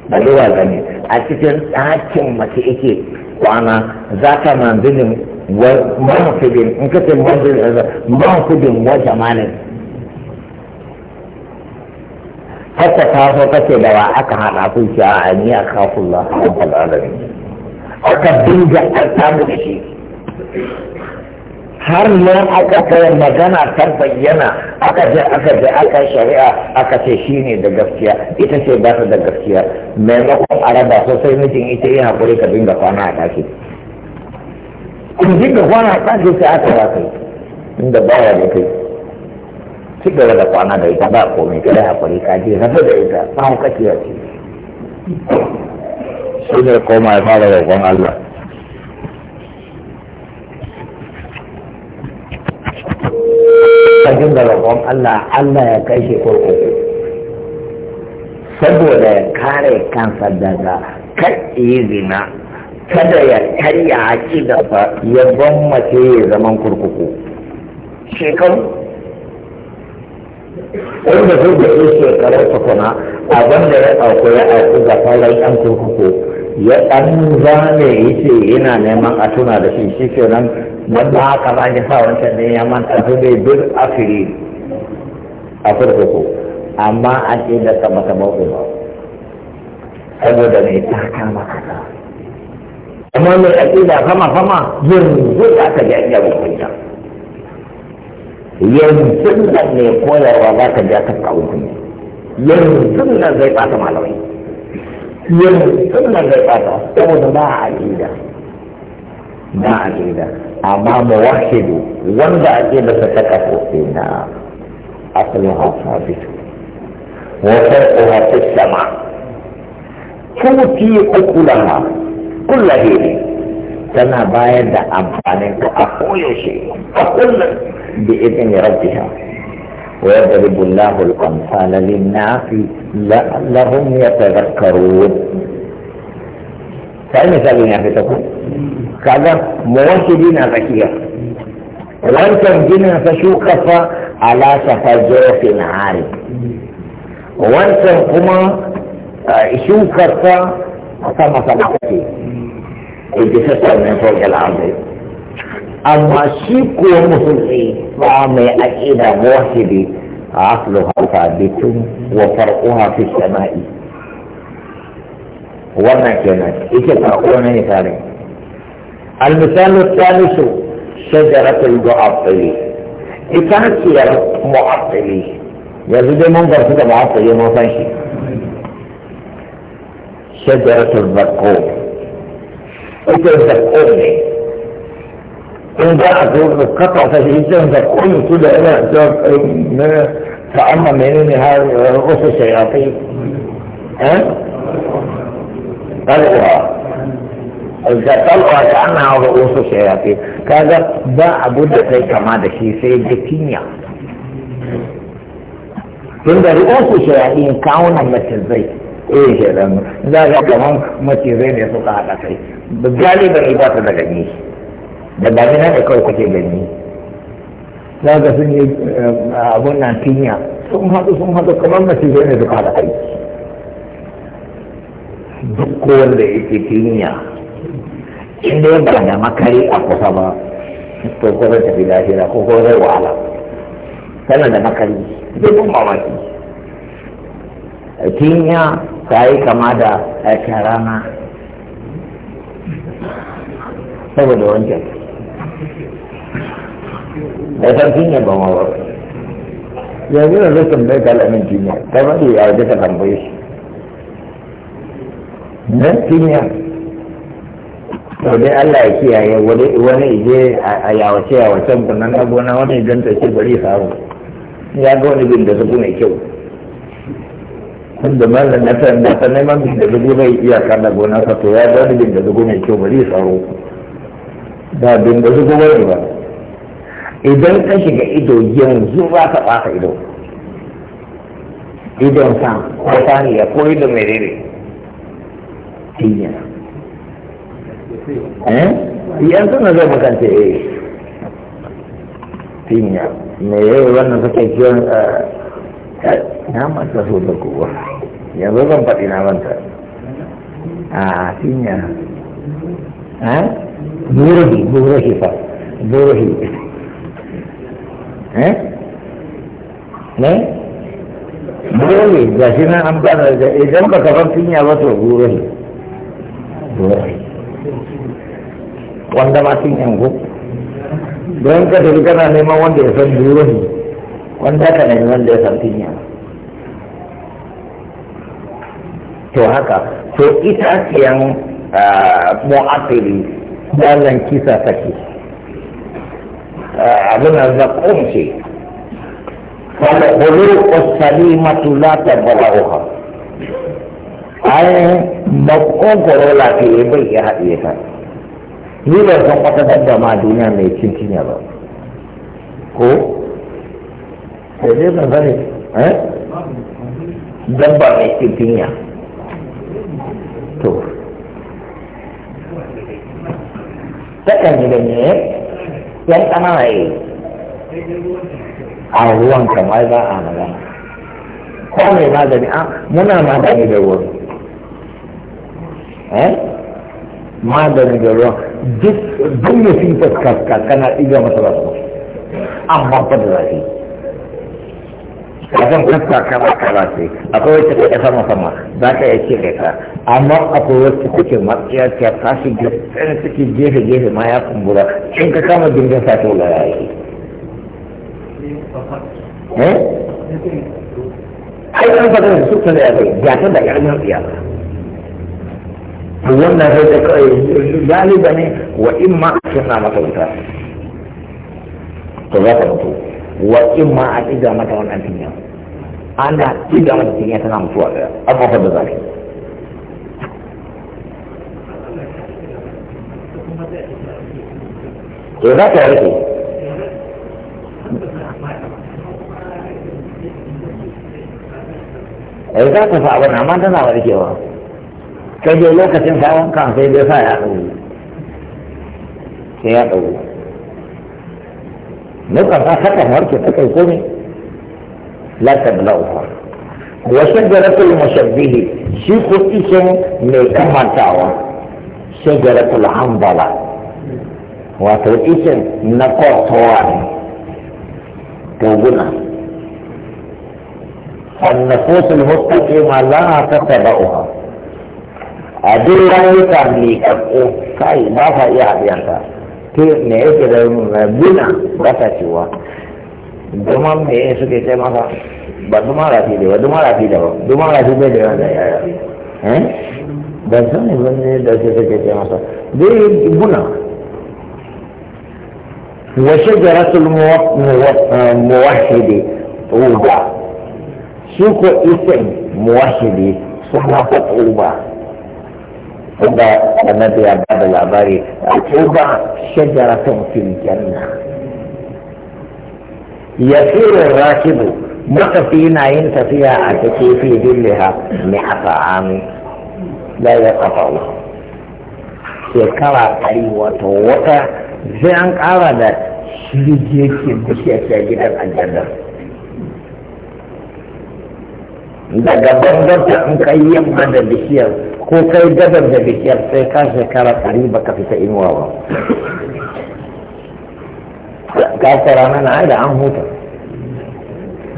بدوا الغني أكتر أكتر ما تيجي وأنا ذاك من ذنب وما في دين أكتر ما في ما في دين وجمال حتى كافر كتير لو أكره نفسي يا أني أخاف الله رب العالمين أكتر دين جاء الكامل شيء har ma aka kai magana ta bayyana aka je aka je aka shari'a aka ce shi ne da gaskiya ita ce ba ta da gaskiya maimakon a raba sosai mijin ita yi haƙuri ka dinga kwana a ɗaki in dinga kwana a ɗaki sai aka ba kai inda ba ya da kai ci gaba da kwana da ita ba komai da haƙuri ka je rabu da ita ba ya ce. Shi ne koma ya fara da Allah. ka da roƙon Allah Allah ya kai shi kurkuku saboda ya kare kansa daga kaɗi zina kada ya karya haƙi da ya mace ya zaman kurkuku shekaru wanda zai da su shekarar kuma abin da ya ɗauko ya aiki ga falon ɗan kurkuku ya ɗan zane ya ce yana neman a tuna da shi shi wannan haka za ki sa wancan ne ya manta su bai bir afiri a kurkuku amma a ce da sama sama mako ba saboda mai ta kama kasa amma mai aƙida sama sama yanzu za ka ji an yabo kunya yanzu nan ne koyarwa za ka ji aka kawo kunya yanzu nan zai ɓata malamai yanzu nan zai ɓata saboda ba a aƙida ba a aƙida amma mu wahidu wanda ake da ta kafa na asalin hausa bisu wata ƙorafi sama tuti ukulaha kula hiri tana bayar da amfanin ta a koyaushe a kullum bi idin rabbiha wa yadribu Allahu al-amsala lin-nasi la'allahum yatadhakkarun kai misali ne a fita ku kaga mawakili na tsakiya wancan ginin sa shuka fa ala shafa jirafin hari wancan kuma shukar sa sama sama kake ijisa sannan fauke al'adai amma shi kuwa musulmi ba mai aƙida mawakili a aslu hauka bitun wa far'uha fi sama'i ورنا kenan إيش karɓo من misalin المثال الثالث شجرة شجرة معطلي يا يزيد منظر كده معطلي يا موطنشي شجرة البقوم إيش البقوم إن بقى تقول القطع فشيء البقوم كده إلى فأما مني هذا غصو الشياطين ها؟ طلقها طلقها كانها رؤوس الشياطين كذا باع بود في كما دشي في الدكينيا كن رؤوس الشياطين كاونا مثل زي ايه جدا لا لا كمان مثل زي يسوط على كي بجالي بعيدات دغني دبابنا اكو كتير دغني لا دفني آه، آه، ابونا تينيا ثم هذا ثم هذا كمان مثل زي يسوط على كي duk wanda yake duniya in dai ba da makari a kusa ba to ko zai tafi lafiya ko ko zai wahala tana da makari zai kuma mamaki duniya ta yi kama da aikin rana saboda wancan da sarkin ya ba ma ba yanzu da zai tambaye kalamin duniya ta ba da ya wajen ka tambaye shi na kimiyya dai Allah ya kiyaye wani ije a yawace yawacen kunan na gona wani idan ta ce bari samu ya ga wani bin da zubu mai kyau wanda mara na san na san neman bin da zubu bai iya kan gona sa to ya ga wani bin da zubu mai kyau bari samu da bin da zubu bai ba idan ka shiga ido yanzu ba ka ɓata ido idon sa ko saniya ko idon ne tinya eh yanzu na zai makance eh tinya me yayi wannan suke kiyon eh, eh, na manta so da kowa yanzu zan faɗi na manta a ah, tinya eh nurahi nurahi fa nurahi eh ne nurahi ga shi an bada idan baka bar tinya ba to nurahi wanda ma sun yango don ka tafi kana neman wanda ya san wanda ka nemi wanda ya san tinya to haka to itaciyan mu'afiri dalan kisa take abin da zaƙon ce wanda hulu wasu salimatu la ta bara'uha ainihin bakon korola ke yi eh, bai iya haɗe ta ni ba san wata dabba ma duniya mai cincinya ba ko ko dai ban sani eh dabba mai cincinya to takan da ganye eh? yan ƙanana yi eh? a ruwan kamar za a magana ko mai magani a muna magani da ruwan Eh? maganin da ruwa duk duk musibar kaska kana ɗiga masa ba su amma ba da zafi kasan kaska kama kara akwai wacce ta ƙasa musamma za ka yi ce ka amma akwai wacce kuke matsiya ta tashi suke gefe gefe ma ya kumbura in ka kama dingin sa ta ya yi eh? ai an faɗa da su ta da ya zai ya da ƙarfin siyasa to wannan sai da kai galiba ne wa in ma a cinna mata wuta to za ka mutu wa in ma a ɗiga mata wannan tinya ana ɗiga mata tinya tana mutuwa ɗaya abubuwa da zafi to za ka rike ai eh, za ka fa abin amma tana warkewa kai dai lokacin sawon kan sai dai sa ya ɗau sai ya ɗau na ƙasa saka warke ta kai komai la tablauha wa shajaratul mashabbihi shi ko ishin mai kamantawa shajaratul hanbala wato ishin na kwartowa ne toguna النفوس المستقيمة لا تتبعها a duk rayuka mai karɓo kai ba sa iya haɗiyarsa ta me yake da rabina ba sa cewa duma me ya suke ce masa ba duma rafi da ba duma rafi da ba duma rafi bai da yawan da yaya eh? ban sani ba ne da su suke ce masa dai buna wa shajaratul muwahhidi uba su ko isin muwahhidi suna fa uba عند النبي عبد العباري توضع شجرة في الجنة يسير الراكب مقفين عين فيها عتكي في ظلها مئة عام لا يقطع شكرا قريبا توقع زي انك عرادة شريجيك بشي اشياء جدا عن جدا دقا بندر تنقيم مدى بشير ko kai gadar da bikiyar sai ka shekara ɗari ba ka fita inuwa ba ka ta rana na ai da an huta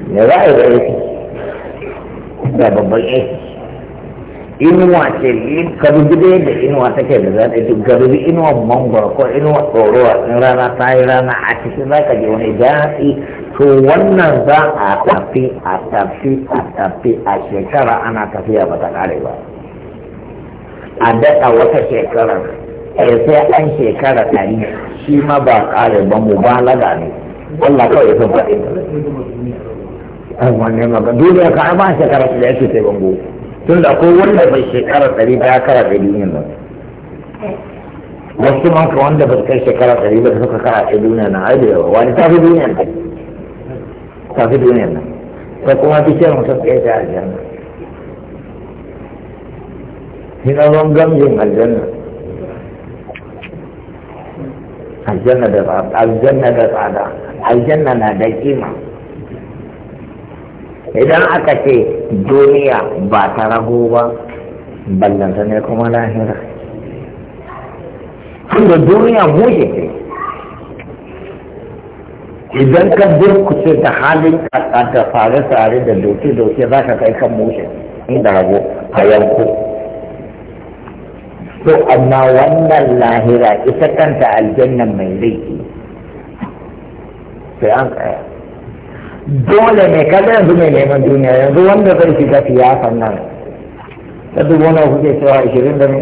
me za a yi da yake da babban yake inuwa ce ka dubi da yadda inuwa take da zaɗi duk ga dubi inuwa mangoro ko inuwa tsorowa in rana ta yi rana a cikin za ka je wani daɗi to wannan za a tafi a tafi a tafi a shekara ana tafiya ba ta ƙare ba a daɗa wata shekarar eh, sai an shekara ɗari shi ma ba ƙare ba mu balaga ne Allah kawai ya san faɗi ne ma maka duniya ka ai ba shekara ɗari ake sai bango tun da ko wanda bai shekara ɗari ba ya kara ɗari duniya ba wasu ma ka wanda ba su kai shekara ɗari ba suka kara ɗari duniya na ai da yawa wani ta fi duniya nan ta fi duniya nan ta kuma fi shirin mutum ɗaya ta aljanna hina ruwan gamjin aljanna aljanna da aljanna da tsada aljanna na da kima idan aka ce duniya ba ta rago ba ballanta ne kuma lahira tunda duniya mushe ce idan ka durkuce da halin kasa da fare-fare da doke-doke za ka kai kan mushe inda rago a yanko to amma wannan lahira ita kanta aljannan mai laifi sai an tsaya dole ne kada yanzu mai neman duniya yanzu wanda zai shiga siyasan nan ta dubu na kuke cewa ashirin da ne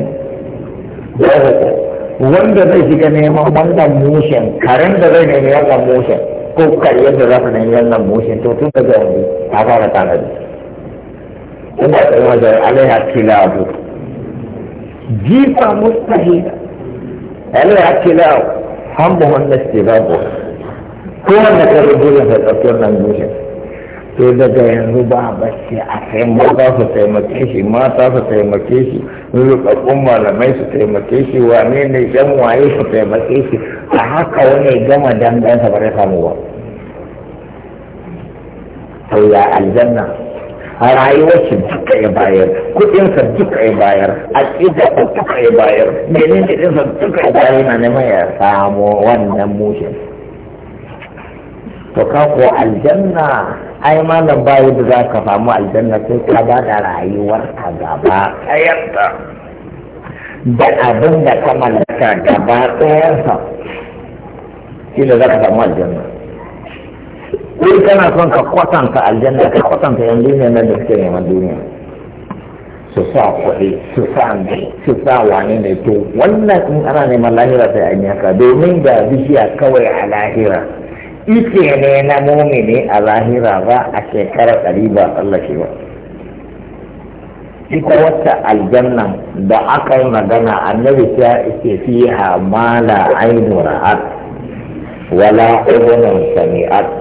wanda zai shiga neman wannan mushen karen da zai nemi wannan mushen ko karyar da za su nemi wannan mushen to tun daga yanzu ta fara tanadi. kuma tsaye wajen alaiha kilabu jifa mustahila Allah ya ce la Hamba wannan ba ko wanda ka rubuta da tsakiyar nan gushe to daga yanzu ba bacci a sai maza su taimake shi mata su taimake shi rukakkun malamai su taimake shi wane ne dan waye su taimake shi a haka wani gama dangansa ba zai samu ba to ya aljanna a rayuwarsa duka ya bayar kudinsa duka ya bayar a ƙidarsa duka ya bayar menene ɗinsa duka ya bayar na neman ya samo wannan mushin to ka ko aljanna ai malam bayi da za ka samu aljanna sai ka ba da ka gaba ɗayanta da abin da ka mallaka gaba ɗayansa shi ne za ka samu aljanna wai kana son ka kwatanta aljanna ka kwatanta yan duniya nan da suke neman duniya su sa kuɗi su sa ne su sa wane ne to wannan in ana neman lahira sai an yaka domin da bishiya kawai a lahira ice ne na mumini a lahira ba a shekarar ɗari ba tsallake ba ita wata aljanna da aka yi magana annabi ta ce fiha mala ainu ra'at wala ibnun sami'at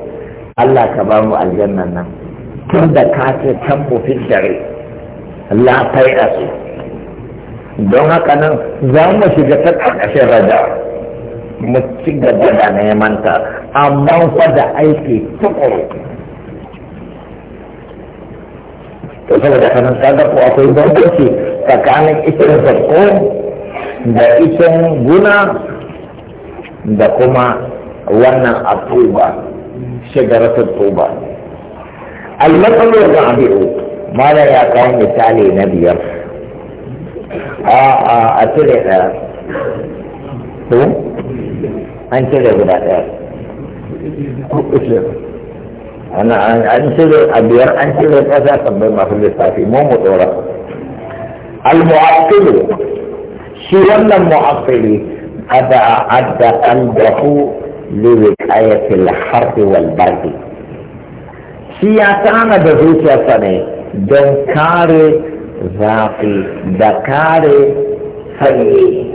Allah ka ba mu aljannan nan tun da ka ce can bufin dare lafai a su don haka nan za mu shiga ta ƙarƙashin raja, mu ci gaba da nemanta amma fa da aiki tukuru to saboda kanan kaga ko akwai bambanci tsakanin ikin zakko da ikin guna da kuma wannan abubuwa شجرة الطوبة المثل الرابع ما لا يقوم اه اه أتلع آه. هو أنت لا أنا أنت أبير أنت لا أساسا ما في الصافي مو مطورة المعطل شو ولا المعطل ابا عد أنجحوا ayatul harfi wal bardi shi ya tsana da zuciyarsa ne don kare zafi da kare sanyi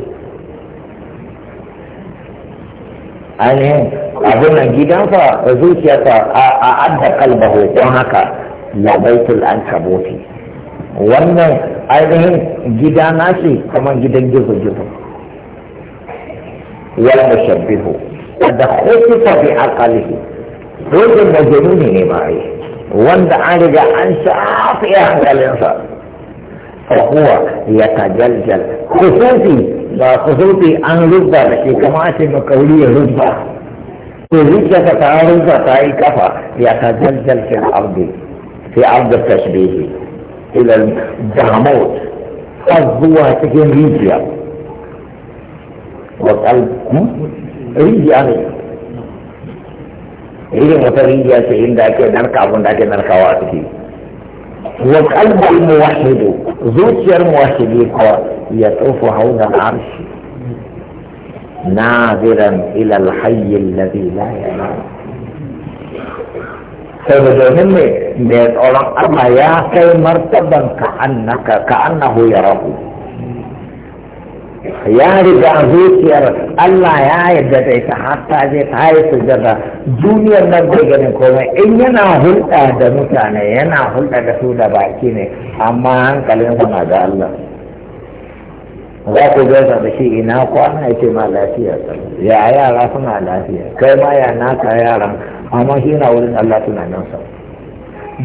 ainihin abin gidansa da zuciyarsa a adda kalba don haka labaitul an kaboti wannan ainihin gida nashi kamar gidan gizo-gizo wal mushabbihu قد خطف عقله وجد المجنون معي وند عالج عن سعاف هذا الانسان فهو يتجلجل خصوصي لا خصوصي عن رضا لكي كما اسم قولي ربا ورجة تعرض تاي كفا يتجلجل في الارض في ارض التشبيه الى الدهموت الضوء تكون ريجيا وقلب ரீதி ஆகுது ரீதி மொத்த ரீதியா செய்யுண்டாக்கி நடக்காம உண்டாக்கி நடக்க வாழ்க்கை وقلب الموحد ذوك يا الموحد يطوف حول العرش ناظرا الى الحي الذي لا يرى فبدونهم من اولا اما يا كي مرتبا كانك كانه يراه ya riga zuciyar Allah ya yarda da ita hatta zai ta yi sujada duniyar nan bai ganin komai in yana hulɗa da mutane yana hulɗa da su da baki ne amma hankalin na ga Allah za ku zo da shi ina kwana ya ce ma lafiya ya yara suna lafiya kai ma ya naka yaran amma shi na wurin Allah suna nan sa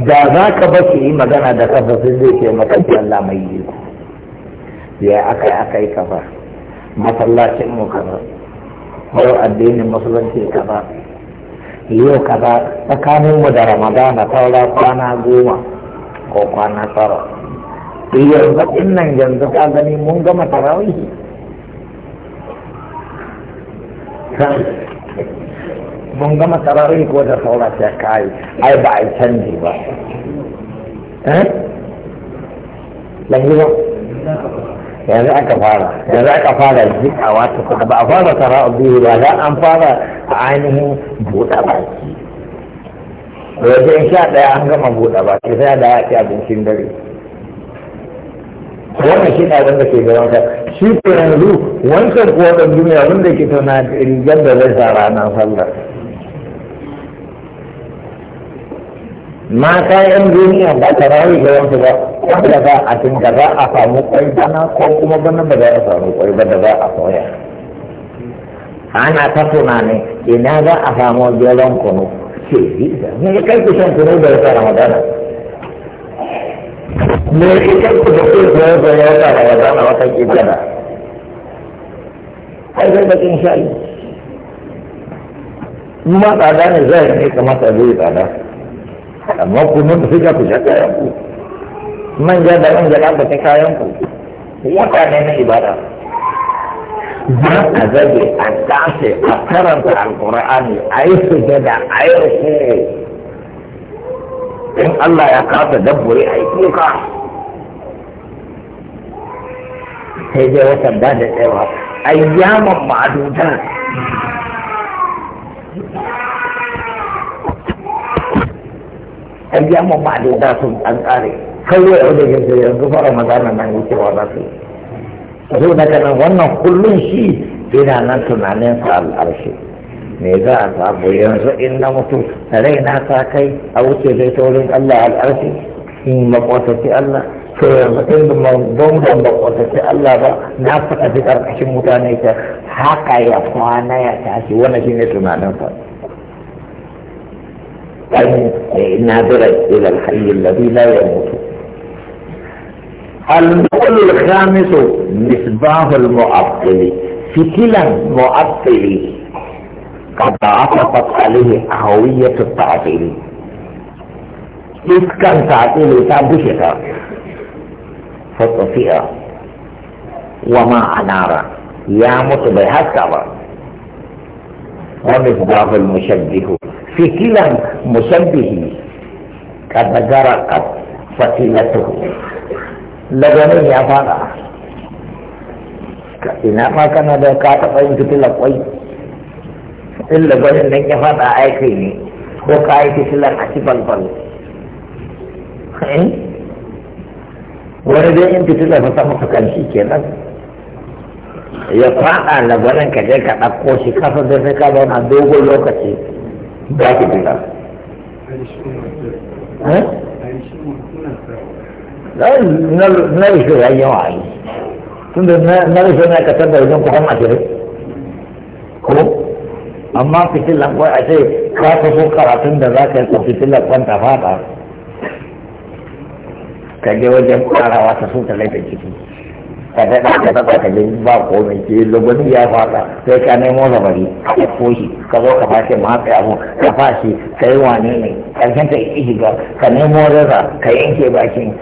da za ka bashi yi magana da kafa sun zai ce maka Allah mai yi ku ya aka yi aka yi kaza masallacin mu kaza yau addinin musulunci kaza yau kaza tsakanin mu da ramadana taura kwana goma ko kwana tara yanzu in nan yanzu ka gani mun gama tarawihi mun gama tarawihi ko da saura ta kai ai ba a canji ba eh lahiwa yanzu aka fara yanzu aka fara jikawa kuka ba a fara tara biyu ba za an fara a ainihin buɗa baki wajen sha ɗaya an gama buɗa baki sai da ya ci abincin dare wannan shi ne abin da ke gaban ka shi ko yanzu wancan kuwa ɗan duniya wanda ke tana rigar da zai sa ranar sallar mata yan duniya ba ta rayu da yansu ba wanda za a cin da za a samu kwai bana ko kuma bana ba za a samu kwai ba da za a soya ana ta tunani ina za a samu jelon kunu ce ne ya kai kusan kunu da wata ramadana ne ya kai ku da kai ku da wata ramadana wata kibada ai zai shayi. sha'i ma tsada ne zai ne kamata zai tsada amma ku mun tafi ku sha kayan ku manja da manja na ku ta kayan ku wata ne na ibada za a zage a tashi a karanta alkur'ani a yi sujada a yi rukuru in Allah ya kasa dabbure a yi kuka sai dai watan da da yi yaman ma'adudan ayyamun ma'aduda sun an kare kawai a da yanzu yanzu fara magana nan wucewa za su zo na nan wannan kullum shi yana nan tunanin sa al'arshi me za a samu yanzu in na mutu rai na sa kai a wuce dai taurin Allah al'arshi in makwataci Allah to yanzu in da bangon makwataci Allah ba na fata fi ƙarƙashin mutane ta haka ya kwana ya tashi wani shi ne tunanin sa نادرة إلى الحي الذي لا يموت النقل الخامس مصباح المعطل في كلا المعطل قد عطفت عليه هوية التعطيل إذ كان تعطيل تابشك فطفئ وما أنار يا مطبع هكذا ومصباح المشبه fitilan musabbihi kada garakat fatilatuhu laganin ya fara ina ma kana da ka taɓa yin fitila kwai in laganin nan ya fara aiki ne ko ka yi fitilan a ci ban eh? wani zai in fitilan fasa maka kan shi kenan ya fada labaran ka je ka ɗauko shi kasa da sai ka zauna dogon lokaci da ake jira eh? na rufe ya yawa yi tun na rufe na katar da wajen ko amma fitilan kwai a ce ka fi so karatun da za ka yi ko fitilan ta fata ka je wajen kwarawa ta so ta laifin ciki ka daɗa ka saba ka je ba mai ke lagwani ya sai ka ka ka zo ka fashe abu ka fashe ka yi ne ƙarshen ta iya shiga ka ka yanke bakin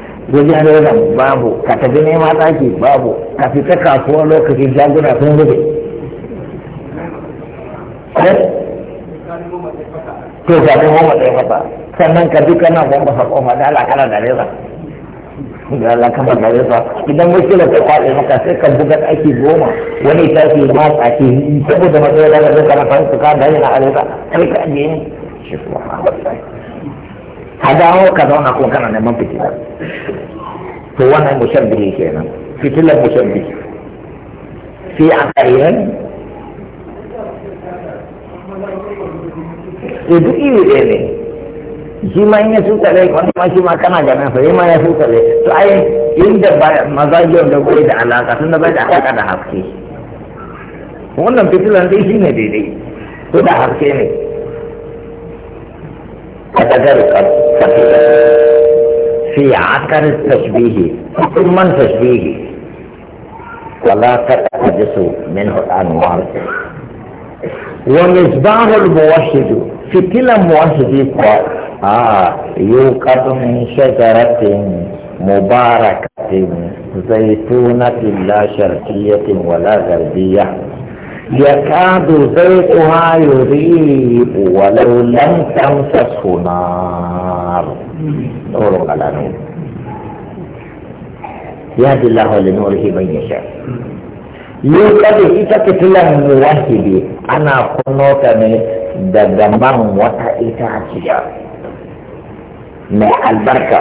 babu ka ɗaki ka fita jaguna sun eh? ka duka da ala da Allah kan baka yasa idan mushkila ta kwaɗe maka sai ka buga ɗaki goma wani tafi ma tsaki saboda matsayi da zai kana fahimta ka da yana alaika sai ka ajiye ni shi subhanallah ka dawo ka zauna kuma kana neman fitina to wannan mushabbihi kenan fitilar mushabbihi fi aqariyan to eh, duk iri ɗaya ne shi ma in ya suka rai wani ma shi ma kana ganin sa shi ma ya suka rai to ai inda mazajiyar da bai da alaka tun da bai da alaka da haske wannan fitilan dai shi ne daidai to da haske ne a dagar fatila fi akar tashbihi man tashbihi wala ta tajisu min hudan wa ومصباح الموحد في كلا موحدي قال آه يوقد من شجرة مباركة زيتونة لا شرقية ولا غربية يكاد زيتها يريب ولو لم تمسسه نار نور على نور يهدي الله لنوره من يشاء يوقد إذا كتلا موحدي أنا قنوك من daga man wata ita itaciya mai albarka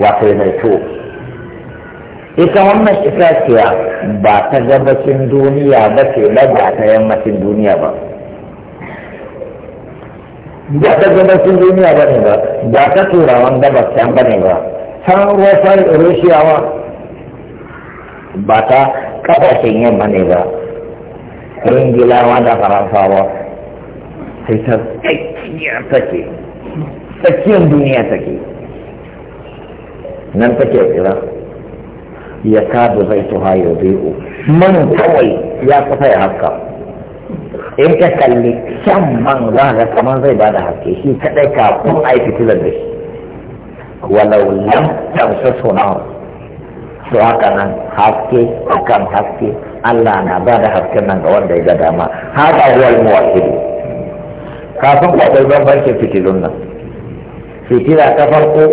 wato zaito ita wannan itaciya ba ta gabacin duniya ba ce ba ba ta yammacin duniya ba ba ta gabacin duniya ba ne ba ba ta turawan gabas can ba ne ba can ruwa rushiyawa ba ta kafashin yamma ne ba ingilawa da faransawa sai ta tsakiyar take tsakiyar duniya take nan take tsira ya kada zai tuha ya zai'u man kawai ya kusa ya haska in ka kalli kyan man za ka kamar zai ba da haske shi kadai kafin a yi fitilar da shi walau lam tamsa sunawa to haka nan haske akan haske Allah na ba da hasken nan ga wanda ya ga dama haka huwal muwakili kafin kwakwai bambancin fitilun nan fitila ta farko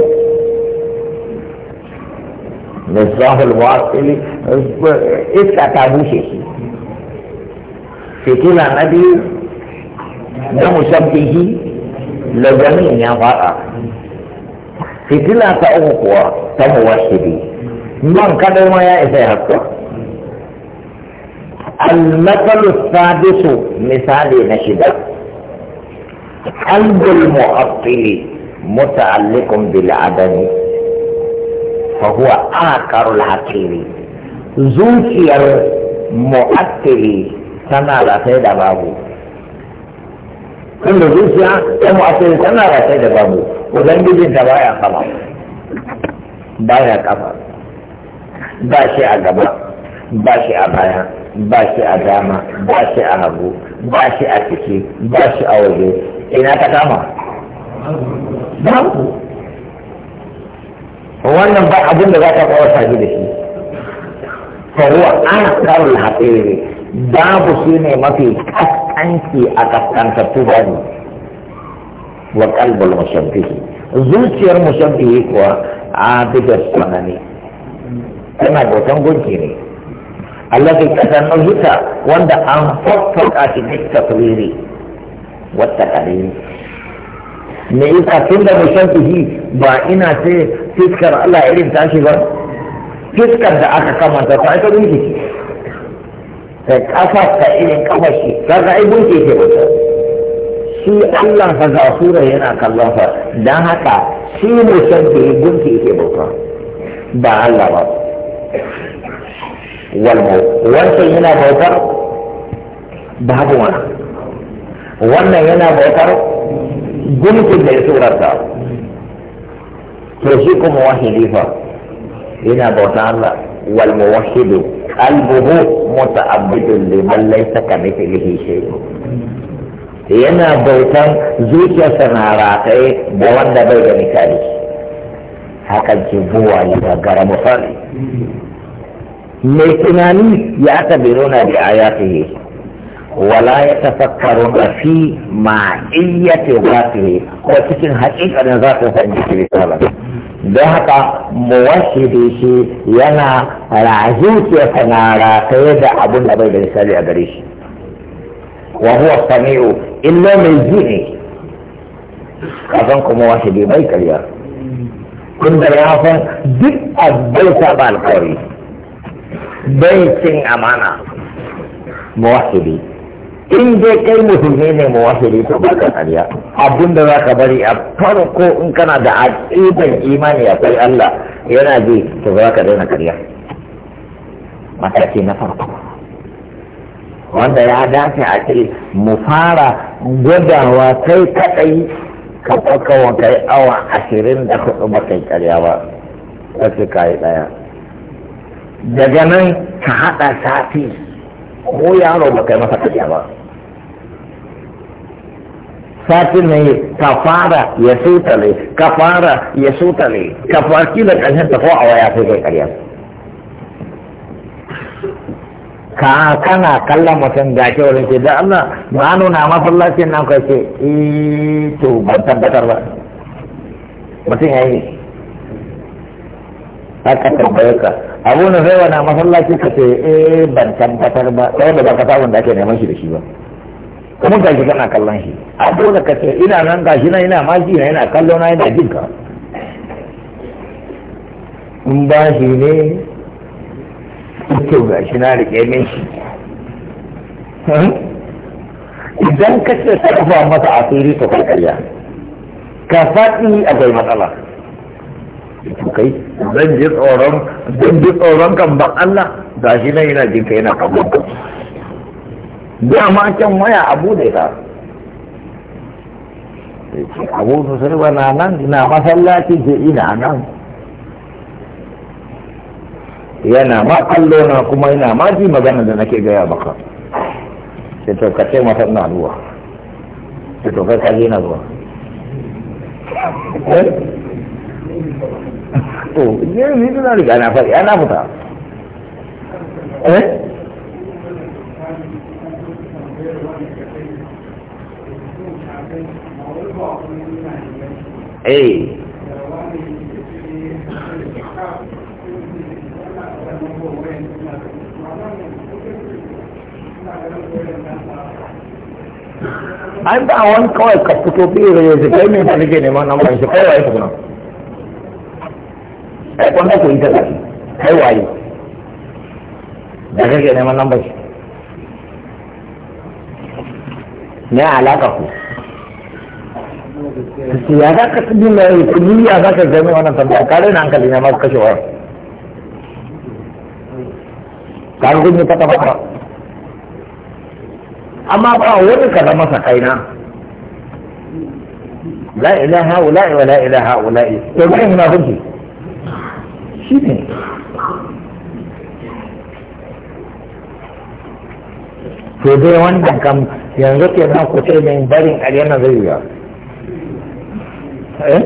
misbahul mu'assili iska ta bushe shi fitila na biyu na mushabbihi lajamin ya fada fitila ta uku kuwa ta muwashidi man kadai ma ya isa ya haka المثل السادس مثالي نشدة قلب المعطل متعلق بالعدم فهو آكر العقيل زوجير معطل تنا سيد بابو كل زوجيا معطل تنا سيد بابو وبنجد دوايا خلاص بايا كفر باشي أجبا باشي أبايا باشي أداما باشي أهبو باشي أتكي باشي أوجي ina ka kama babu wannan ba abin da za ka kawo sabi da shi faruwa ana kawo lahatsiri babu shi ne mafi kaskanci a kaskantattu ba ne wa kalbal mushabbihi zuciyar mushabbihi kuwa a bidar sanani tana bautan gunki ne allazi kasan nau'ika wanda an faffaka shi duk taswiri والتقاليد me yi kafin da mushabbihi ba ina ce fiskar Allah irin tashi ba fiskar da aka kamanta ta ita gunki ce ta kafa ta irin kafa shi kaga ai gunki ce wata shi Allah fa zafura yana kallon fa dan haka shi mushabbihi gunki ke bauta ba Allah ba wal wancan yana bautar babu wani wannan yana bautar gumkin da ya surarta to shi kuma wahi lifa yana bauta Allah wal muwahhidu qalbuhu muta'abbidun liman laysa kamithlihi shay'un yana bautan zuciyarsa na rataye da wanda bai da misali hakan ce buwa da gara misali mai tunani ya aka nuna da ayatihi ولا يتفكرون في معية ذاته ولكن حقيقة ذاته فإنك بسهلا ذهب موحده ينا رعزوك يتنا راقيد أبو النبي بن سالي أبريش وهو السميع إلا من ذيني أظنكم موحده بيك يا كنت بيعافن دك أبيت أبا القري بيت أمانة موحده in dai kai musulmi ne mu wasiri to ba ka abinda za ka bari a farko in kana da aqidan imani akwai Allah yana ji to za ka daina kariya mataki na farko wanda ya dace a ce mu fara gwadawa kai kaɗai ka ɗaukawa kai awa ashirin da hudu ba kai ba ta ce ka ɗaya daga nan ka haɗa sati ko yaro ba kai masa ƙarya ba satin ne ka fara ya sutale ka fara ya sutale ka farki da ƙarshen ta ko a waya sai kai ƙarya ka kana kallon mutum da ke wurin ce da Allah ma nuna masallacin nan kai ke eh to ban tabbatar ba mutum ya yi aka tambaye ka abu na zai wani masallaci ka ce eh ban tabbatar ba sai da ba ka samun da ake neman shi da shi ba kuma gashi kana kallon shi a dole ka ce ina nan gashi na ina maji na ina kallo na ina jin ka in ba shi ne kyau gashi na rike min shi idan ka ce sarrafa masa asiri to kai karya ka faɗi akwai matsala kai zan ji tsoron zan ji tsoron kan ba Allah gashi na ina jin ka yana kallon ka dama can waya abu da ita abu su sirba na nan na masallaci ke ina nan yana ma kallo na kuma yana ma ji magana da nake gaya baka ce to ka ce masa na zuwa ce to kai ka je na zuwa to ne ni da riga na fari ana fita eh eh ai ba wani kawai ka fito fiye da yanzu kai mai fara ke neman nan ban shi kai waye tukuna kai kwanta ku yi ta tsari kai waye da kai kake neman nan ban shi me alaka ku ya za ka kudi mai kudi ya za ka gami wannan tambaya ka raina hankali na masu kashe wayar ka ga kunyi fata fata amma ba wani ka zama sa kaina la ilaha ula'i wa la ilaha ula'i to ga ina Shi ne. to dai wannan kam yanzu ke na ku ce min barin na zai yi Eh?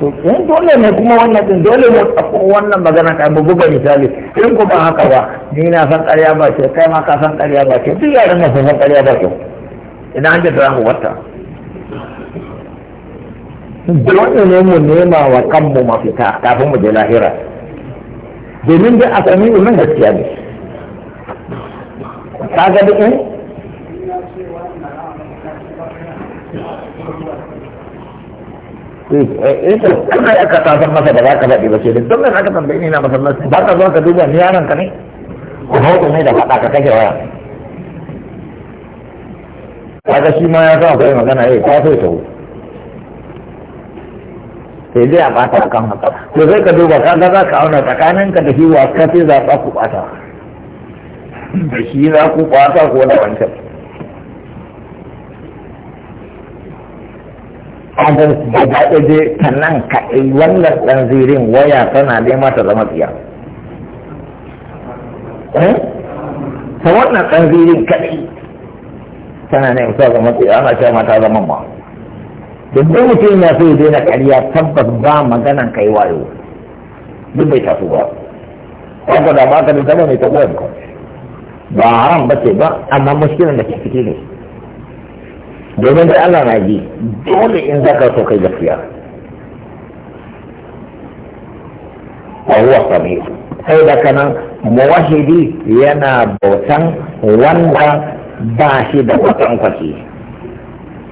to yan eh, dole ne kuma wannan din dole mu tsako wannan magana ka mu buga misali in ko ba haka ba ni na san ƙarya ba ce kai ma ka san ƙarya ba ce duk yaran na san ƙarya ba ce ina an da mu wata dole ne mu nema wa kanmu mafita kafin mu je lahira domin da a sami ulun gaskiya ne ka ga duk eh? in da aka tasar masa da za ka faɗi ba ce duk don aka tambayi ni na masallaci ba ka zo ka duba ni yaron ka ne ku hau ne da faɗa ka kashe waya kaga shi ma ya sa akwai magana yayi ta sai tawo sai dai a bata akan haka to sai ka duba ka ga za ka auna tsakanin ka da shi wa ka sai zaɓa ku bata da shi za ku bata ko da wancan kagar da daɗe ta nan kaɗai wannan ɗan zirin waya tana nema ta zama tsiya eh? ta wannan ɗan zirin kaɗai tana nema ta zama tsiya ana cewa ta zama ma duk da mutum ya so ya daina ƙarya tabbas ba maganan kai wayo duk bai taso ba wanda da ba ka da zama mai taɓuwa ba haram ba ce ba amma muskilan da ke ciki ne domin da Allah na ji dole in zaka so kai gaskiya wa huwa sai da kanan muwahidi yana bautan wanda ba shi da kwaki.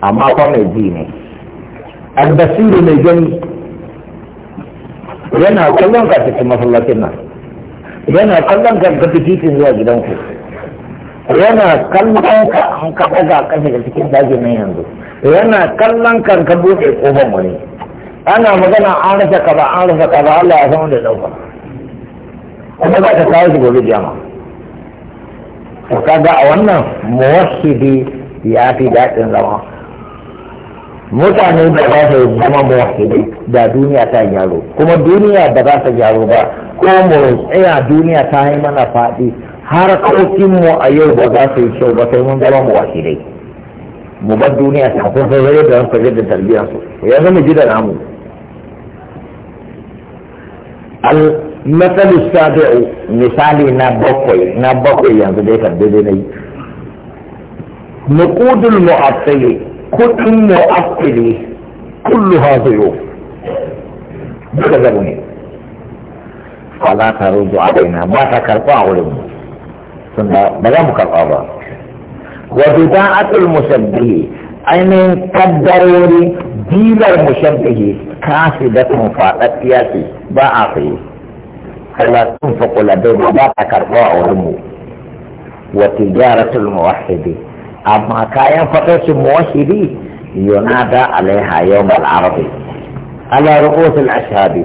amma kwa mai ji ne albasiru mai gani yana kallon ka cikin masallacin nan yana kallon ka ga titin zuwa gidanku yana kallon ka an ka daga kan da cikin daji nan yanzu yana kallon kan ka buɗe kofar wani ana magana an rasa ba an rasa ba Allah ya san wanda ya dauka kuma ba ta kawo shi gobe jama to kaga a wannan muwahhidi ya fi daɗin zama mutane da za su zama muwahhidi da duniya ta gyaro kuma duniya da za ta gyaro ba ko mu tsaya duniya ta yi mana faɗi harkokin mu a yau ba za su yi kyau ba sai mun zama mu wakilai mu bar duniya kafin sai zai da wasu da tarbiyyar su ya zama ji da namu al-matsal sabi'u misali na bakwai na bakwai yanzu dai kan daidai na yi nuqudul mu'assili kudin mu'assili kulluha zuyu duka zabu ne fala ta rudu alaina ba ta karɓa a wurin mu sunna ba za mu karɓa ba wa bida'atul mushabbihi ainihin kaddarori dilar mushabbihi kafidatun faɗaɗɗiya ce ba a saye kala tun faƙula dai ba ta karɓa a wurin mu wa tijaratul muwahhidi amma kayan faɗaɗin muwahhidi yunada alaiha yawmal arabi ala ru'usul ashhadi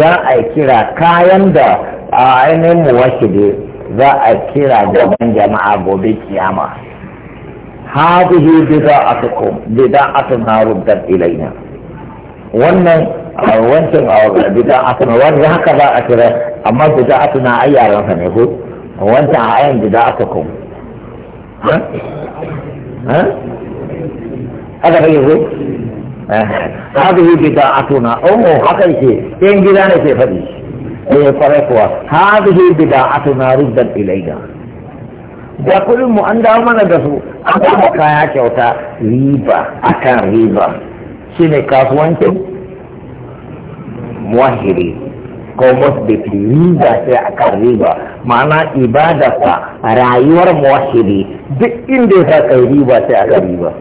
za a kira kayan da a ainihin muwahhidi za a kira gaban jama'a gobe kiyama hadhihi bida bida'atun naruddat ilaina wannan wancan wancan bida bida'atun wanda haka za a kira amma bida'atun na ayyaran sa ne ko wancan a ayan bida'atukum ha ha haka kake ko eh, bida atuna oh haka yake in gida ne ke faɗi eh kwarai kuwa hadhihi bida'atuna ruddat ilayna da kuɗin mu an dawo mana da su an ba kaya kyauta riba akan riba shi shine kasuwancin muwahiri ko musbiti riba sai akan riba ma'ana fa rayuwar muwahiri duk inda ya sa riba sai akan riba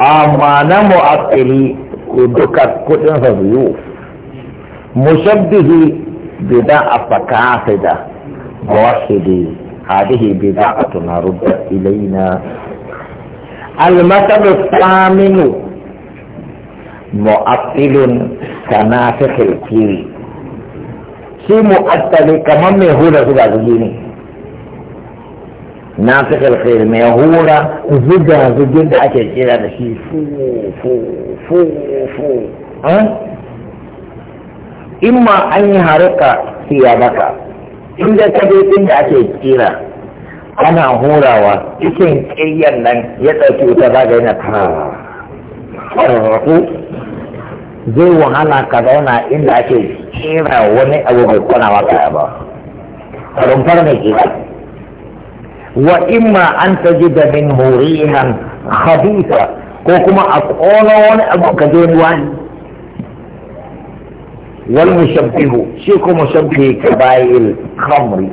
amma na mu'akkili duka kuɗinsa biyu مشبه بدعة كافدة موحد هذه بدعتنا ردت إلينا المثل الثامن مؤطل كنافخ الكيل شي مؤطل كمان ميهورة كده زجيني نافخ الخير ميهورة زجا زجين ده أكل كده فو فو فو فو أه؟ imma an yi harika siya maka inda ka je inda ake kira ana horawa cikin kiyan nan ya ɗauki wuta ga yana tararraku zai wahala ka zauna inda ake kira wani abu mai kwanawa kaya ba rumfar mai kira wa imma an da min hurihan khabisa ko kuma a ƙona wani abu ka je wani wal mushabbihu shi ko mushabbihi kaba'il khamri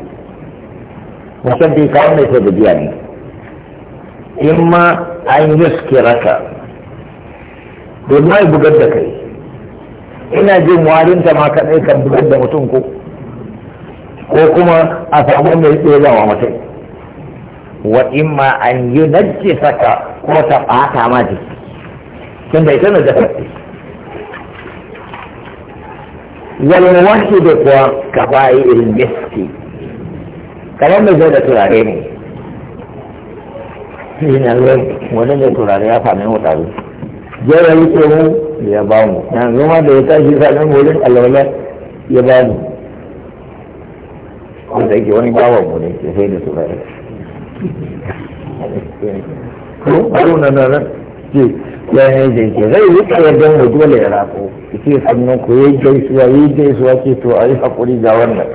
mushabbihi kawai ne ko da biya ne imma an yuskiraka domin ai bugar da kai ina jin warinta ma kaɗai kan bugar da mutum ko ko kuma a mai tsezawa mutum wa imma an yi ta ɓata ma jiki ita na da wal wahid kuwa kaba'il miski kamar mai zai da turare ne shi ne wani mai turare ya fami mutane jai ya ke mu ya ba mu yanzu ma da ya tashi sanin wurin alwala ya ba mu wanda yake wani bawan mu ne ya sai da turare ko a na nan ce ya yi jirgi zai rika yadda mu dole ya rako ce sannan ku yi gaisuwa yi gaisuwa ce to a yi haƙuri ga wannan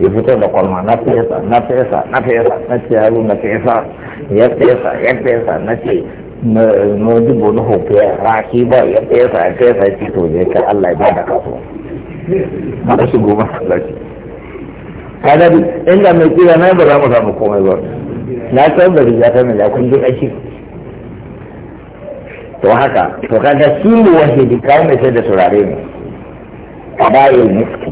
ya fito da kwalma na fesa na fesa na fesa na ce yaro na fesa ya fesa ya fesa na ce na dubu na hoto ya raki ba ya fesa ya fesa ce to ne ka Allah ya bada kaso na su goma sallaci kada inda mai kira na ba za mu samu komai ba na san da riga ta mai ya duk aiki to haka to kaga shi ne wahidi kai mai sai da turare ne kabayil miski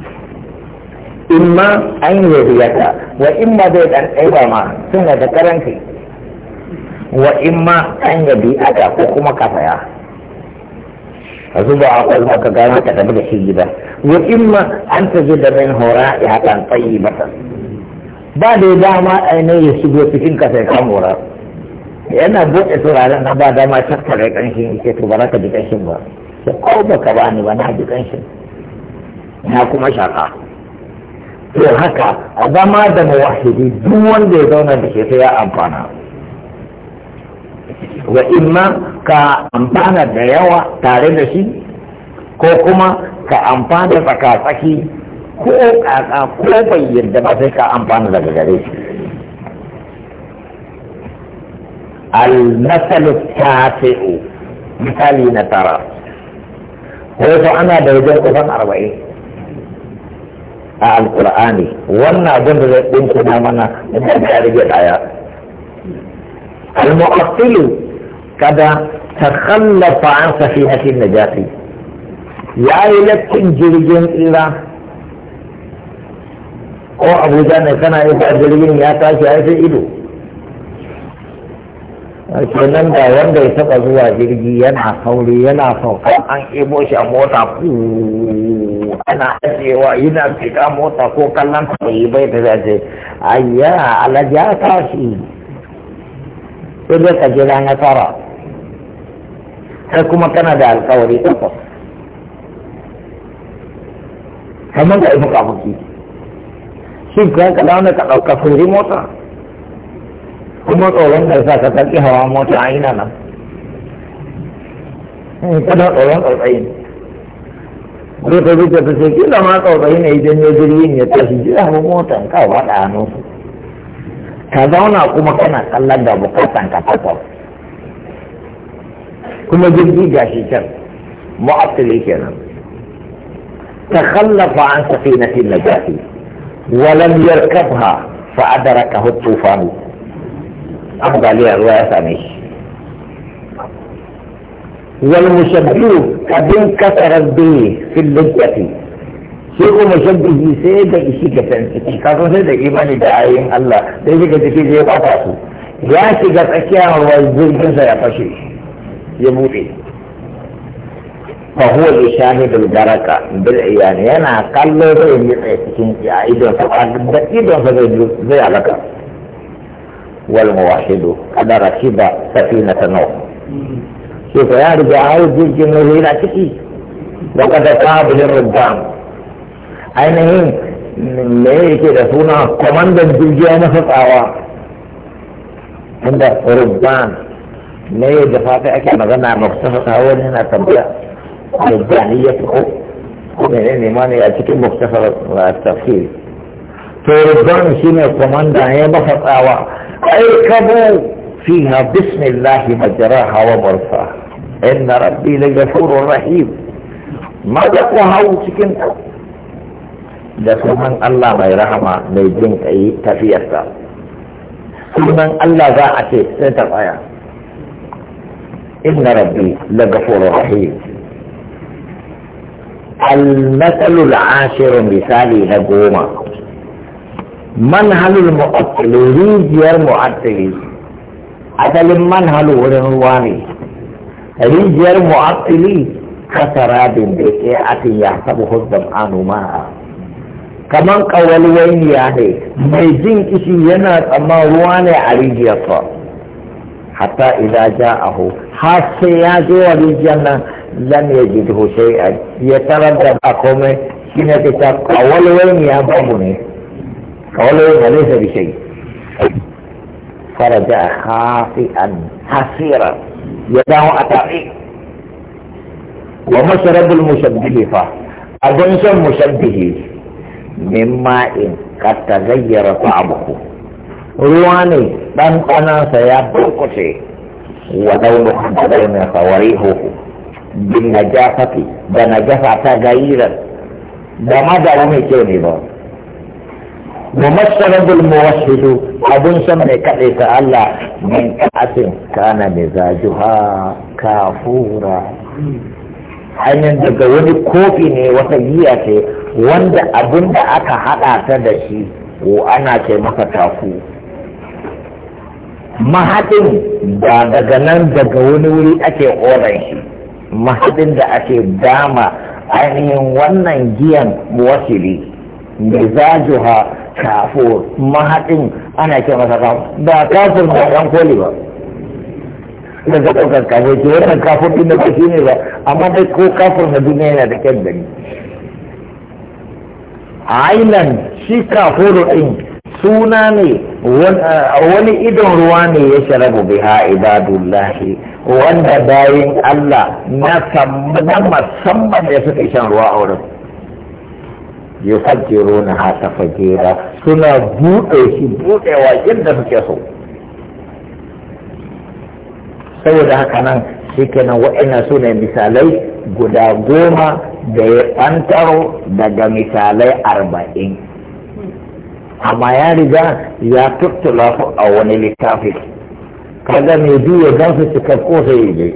imma an yi riyata wa imma zai dan ɗaiba ma suna da karanci wa imma an yi bi'ata ko kuma kafaya a zuba a kwai maka gano ka tafi da shi gida wa imma an ta ji da min hora ya kan tsayi masa ba da dama ainihin ya shigo cikin ka ya kan horar yana buɗe turaren na ba dama tattare ƙanshin yake to ba za ka ji ƙanshin ba sai ko ba ka ba ni ba na ji ƙanshin na kuma shaƙa to haka a zama da mawahidi duk wanda ya zauna da shi sai ya amfana wa imma ka amfana da yawa tare da shi ko kuma ka amfana tsaka-tsaki ko ƙaƙa ko bai yadda ba sai ka amfana daga gare shi المثل التافئ مثالي نترى هو أنا بيجي القرآن أربعين آه، القرآن وانا جنب بنت نامنا المؤصل كذا تخلف عن سفينة النجاة يا إلك جريجين إلا أو أبو جان كان يبقى جريجين يا تاشي عايزة إلو kenan da wanda ya taba zuwa jirgi yana sauri yana sauka an ebo shi a mota ku ana ajewa yana fita mota ko kallon ta bai bai da zace ayya alaji ya tashi sai ka jira na tara sai kuma kana da alkawari takwas kamar ka ifi kafuki shi ka kada wani ka ɗauka furi mota kuma tsoron da sa ka karki hawa mota a ina nan kada tsoron tsautsayin ko ta zuke ta ce kila ma tsautsayin ne idan ya jirgin ya tashi jira mu motan ka faɗa hannu ka zauna kuma kana kallon da bukatan ka takwas kuma jirgi gashi can mu'attili kenan تخلف عن سفينة النجاة ولم يركبها فأدركه الطوفان ambaliyar ruwa ya same shi wal mushabbihu abin kasarar bihi fil lujjati shi ko mushabbihi sai da ishi ga tantiki ka sai da imani da ayoyin Allah sai shiga ciki da ya fata su ya shiga tsakiyar ruwa jirgin sa ya fashe ya buɗe fa huwa baraka bil yana kallo da yin cikin ya idon sa da idon sa zai zai alaka والمواحد قد ركب سفينة نوح شوف يرجع عاوز يجي من الهيلة وقد تاب للرجام أين هين من ليه كده فونا كماندا بيجي أنا في الطاوة عند الرجام ليه دفاتي أكي غنى مختفى تاول هنا تبلا الجانية طيب، في الخوف من إني ماني أتكي مختفى التفكير في الرجام شيني هي بفت أواه اركبوا فيها بسم الله مجراها ومرساها ان ربي لغفور رحيم ما دقوا هاو سكن لكن من الله غير رحمة مي دين اي تفير ان الله ذا اتي سنتر ايا ان ربي لغفور رحيم المثل العاشر مثالي هجوما manhalul mu'attali rijiyar mu'attali asalin manhalu wurin ruwa ne rijiyar mu'attali kasarabin da ke atin ya sabu hudun anuma kamar kawalwai ya ne mai jin kishi yana tsamma ruwa ne a rijiyar sa hatta idan ja aho har sai ya je wa rijiyar nan lam ya ji shay'an ya tarar da ba komai shine ta kawalwai ya babu ne قوله فليس بشيء فرجع خاطئا حسيرا يداه أتعيق ومشرب المشبه فا أبنس المشبه مما إن قد تغير طعمه رواني دان أنا سيبرقشي ولون خدرين فوريهه بالنجافة بنجافة تغييرا بماذا لم يكن wa masarabul muwahhidu abun san mai kaɗai ta Allah min ka'atin kana mizajuha kafura hanyar daga wani kofi ne wata giya ce wanda abun da aka haɗa ta da shi ko ana ce maka taku mahaɗin ba daga nan daga wani wuri ake oran shi mahaɗin da ake dama ainihin wannan giyan wasili mizajuha kafur mahaɗin ana ce masa kafur ba kafur ba ɗan koli ba da za ɗaukar kafur ce wannan kafur ɗin da ba shi ne ba amma dai ko kafur na duniya yana da kyan gani ailan shi kafuru ɗin suna ne wani idon ruwa ne ya sharabu biha ibadullahi wanda bayin Allah na musamman da suka shan ruwa a wurin ya fajero na hata fajera suna buɗe shi buɗewa yadda suke so saboda haka nan shi kenan wa'ina su ne misalai guda goma da ya ɓantaro daga misalai arba'in amma ya riga ya tuttula su a wani littafi kaga mai biyu ya su cika sai sai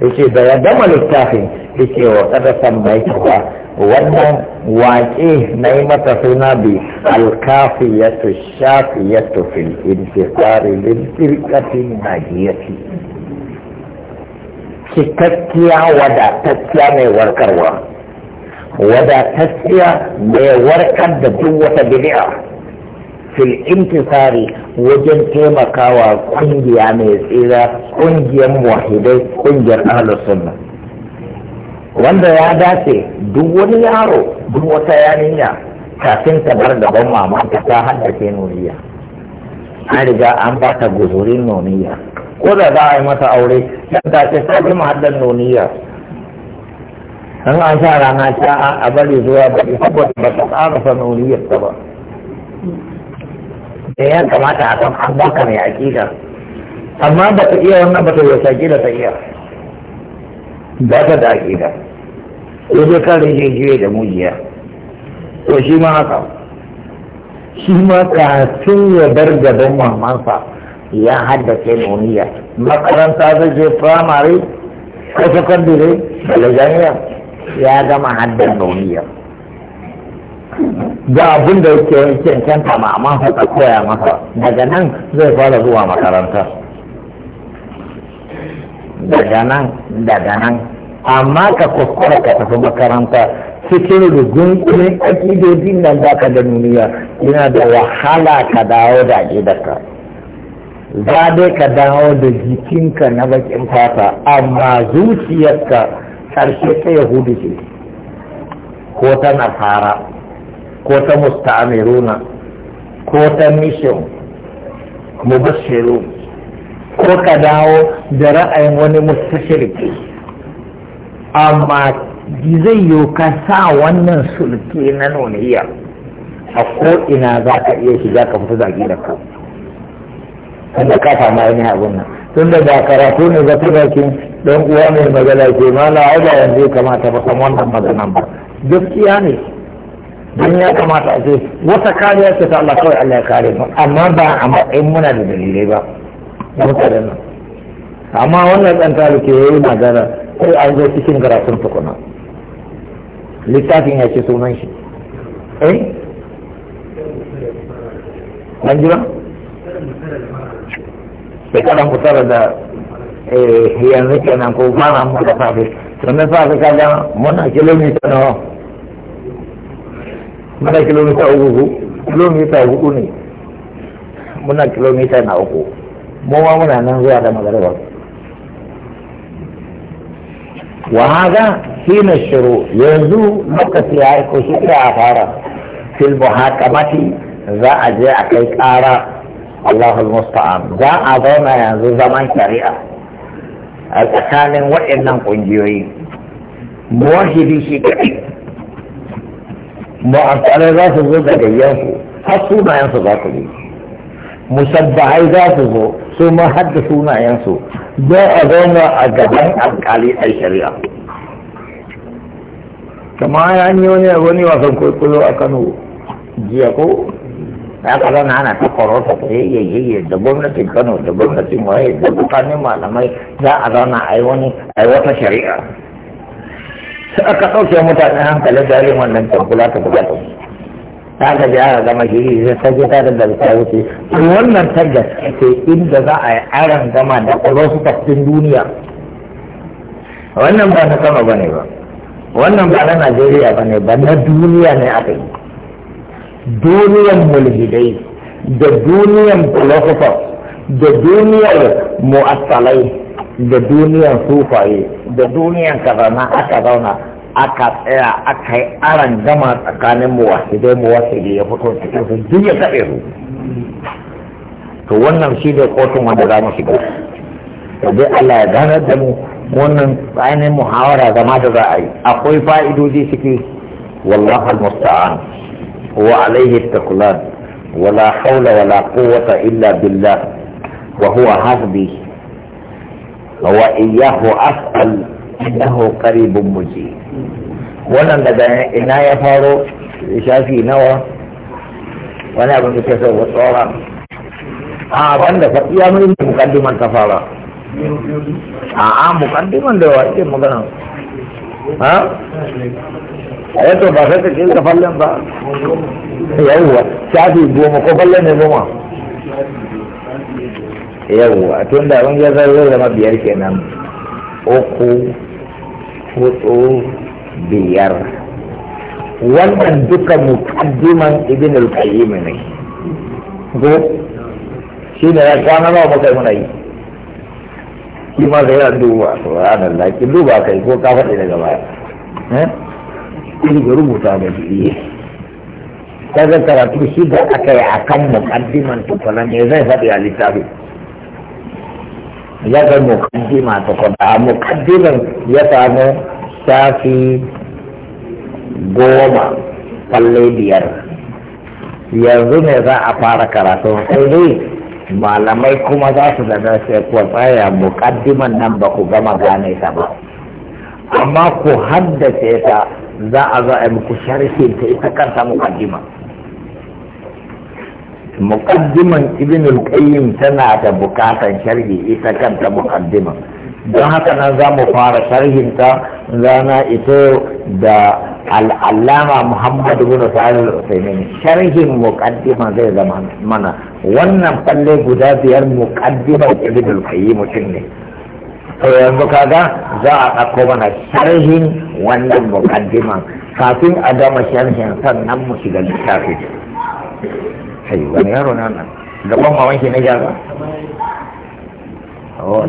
ya ce da ya gama littafin ya ce wa kada san mai kawa wannan waƙe na yi mata suna bi alkafi ya tu shafi ya tu fil intifari lilfirkatin najiyati cikakkiya wadatacciya mai warkarwa wadatacciya mai warkar da duk wata bid'a fil intifari wajen taimakawa kungiya mai tsira kungiyar muwahidai kungiyar ahlus sunnah wanda ya dace duk wani yaro duk wata yarinya kafin ta bar ban mamanta ta ke nuniya an riga an ba ta guzurin nuniya ko da za a yi mata aure yan ta ce ta gama haddar nuniya an an sa rana ta a bari zuwa ba saboda ba ta sa nuniyar ta ba da ya kamata a san an baka mai aƙida amma ba ta iya wannan ba ta yi da ta iya ba ta da aƙida ya je kare shi jiye da mujiya to shi ma haka shi ma kafin ya bar gaban mamansa ya haddace noniya makaranta zai je firamare ko sakandare da lajaniya ya gama haddar noniya ga abin da yake cancanta ma amma haka koya masa daga nan zai fara zuwa makaranta daga nan daga nan amma ka kuskura ka tafi makaranta cikin rigungumin akidodin nan za ka da duniya yana da wahala ka dawo da gidanka za dai ka dawo da jikinka na bakin fata amma zuciyarka karshe ta yahudu ce ko ta nasara ko ta musta'amiruna ko ta mission mubashiru ko ka dawo da ra'ayin wani mustashirki amma zai yi ka sa wannan sulke na nuniyar a ko'ina za ka iya shiga ka fita zagi da ka wanda ka samu ainihin abin nan tun da ba karatu ne ba ta dakin don uwa mai magana ke ma na ba yanzu ya kamata ba san wannan maganan ba gaskiya ne don ya kamata a ce wata kariya ce ta Allah kawai Allah ya kare mu amma ba a matsayin muna da dalilai ba mutanen nan amma wannan ɗan talike ya yi magana sai an zo cikin garasun tukuna littafin ya ce sunan shi eh an jira sai shekaran fitar da eh, yanzu kenan ko fara mu da safe sannan safe ka ga muna kilomita nawa muna kilomita uku kilomita uku ne muna kilomita na uku mu ma muna nan zuwa da magarabar وهذا حين الشروع يزو لوكتي هاي كوشي عفارة في المحاكمة ذا أجاء كيك آراء الله المستعان ذا أظن ينزو زمان شريعة الأكان وإنن قنجيوي موحدي شي كتير معطلة ذات الزو حصو ما ينصدق لي مسبعي ذات الزو su ma har da sunayensu za a zauna a gaban alkali a shari'a kama ya yi wani wani wasan kwaikwayo a kano jiya ko ya kaza na ana ta korota ta yayyayye da gwamnatin kano da gwamnatin waye da tsakanin malamai za a zauna a yi wani a yi wata shari'a sai aka ɗauke mutane hankalin dalin wannan tabbula ta buga ta ga ji aka gama shi sai ta je ta da ta wuce to wannan ta gaske inda za a yi aran gama da ta tafin duniya wannan ba na sama ne ba wannan ba na najeriya ne ba na duniya ne aka yi duniyan mulhidai da duniyan philosophers da duniyar mu'assalai da duniyar sufaye da duniyar kaza na aka zauna aka tsaya aka yi aran gama tsakanin wasu muwahidi ya fito cikin su duk ya taɓe su to wannan shi ne kotun wanda za mu shiga to dai Allah ya ganar da mu wannan tsakanin muhawara zama da za a yi akwai fa'idoji suke wallahu mustaan wa alaihi takulan wala haula wala quwwata illa billah wa huwa hasbi wa iyyahu as'al innahu qaribun mujib wannan daga ina ya faro shafi nawa wani abin da ke sau wa tsora a faɗi ya iya mun mukaddiman ta fara a a mukaddiman da wa ke magana ha a eh, to ba sai ka ce ka fallen ba yawwa shafi goma ko fallen ne goma yawwa tun da abin ya zai zama biyar kenan uku hudu biyar wannan duka muqaddiman ibn al-qayyim ne ko shi ne ya kwana nawa muka muna yi shi ma sai ya duba subhanallah ki duba kai ko ka faɗi daga baya eh ki rubuta da shi kaga karatu shi da aka yi a kan mukaddiman tukuna me zai faɗi a littafi ya ga mukaddima tukuna a mukaddiman ya samu shafi goma falle biyar yanzu ne za a fara karatu sai dai malamai kuma za su da sai ku tsaya mukaddiman nan ba ku gama gane ta ba amma ku haddace ta za a zo a yi muku sharhin ta ita kanta mukaddima mukaddiman ibn al-qayyim tana da bukatan sharhi ita kanta mukaddiman don haka nan za mu fara sharhinta rana ito da al'allama muhammadu bin sa'ad al-usaimin sharhin muqaddima zai zama mana wannan falle guda biyar muqaddimar ibn al-qayyim mutum ne to yanzu kaga za a ɗauko mana sharhin wannan muqaddima kafin a gama sharhin sannan mu shiga littafi kai wani yaro na nan gaban mamaki na gyara oh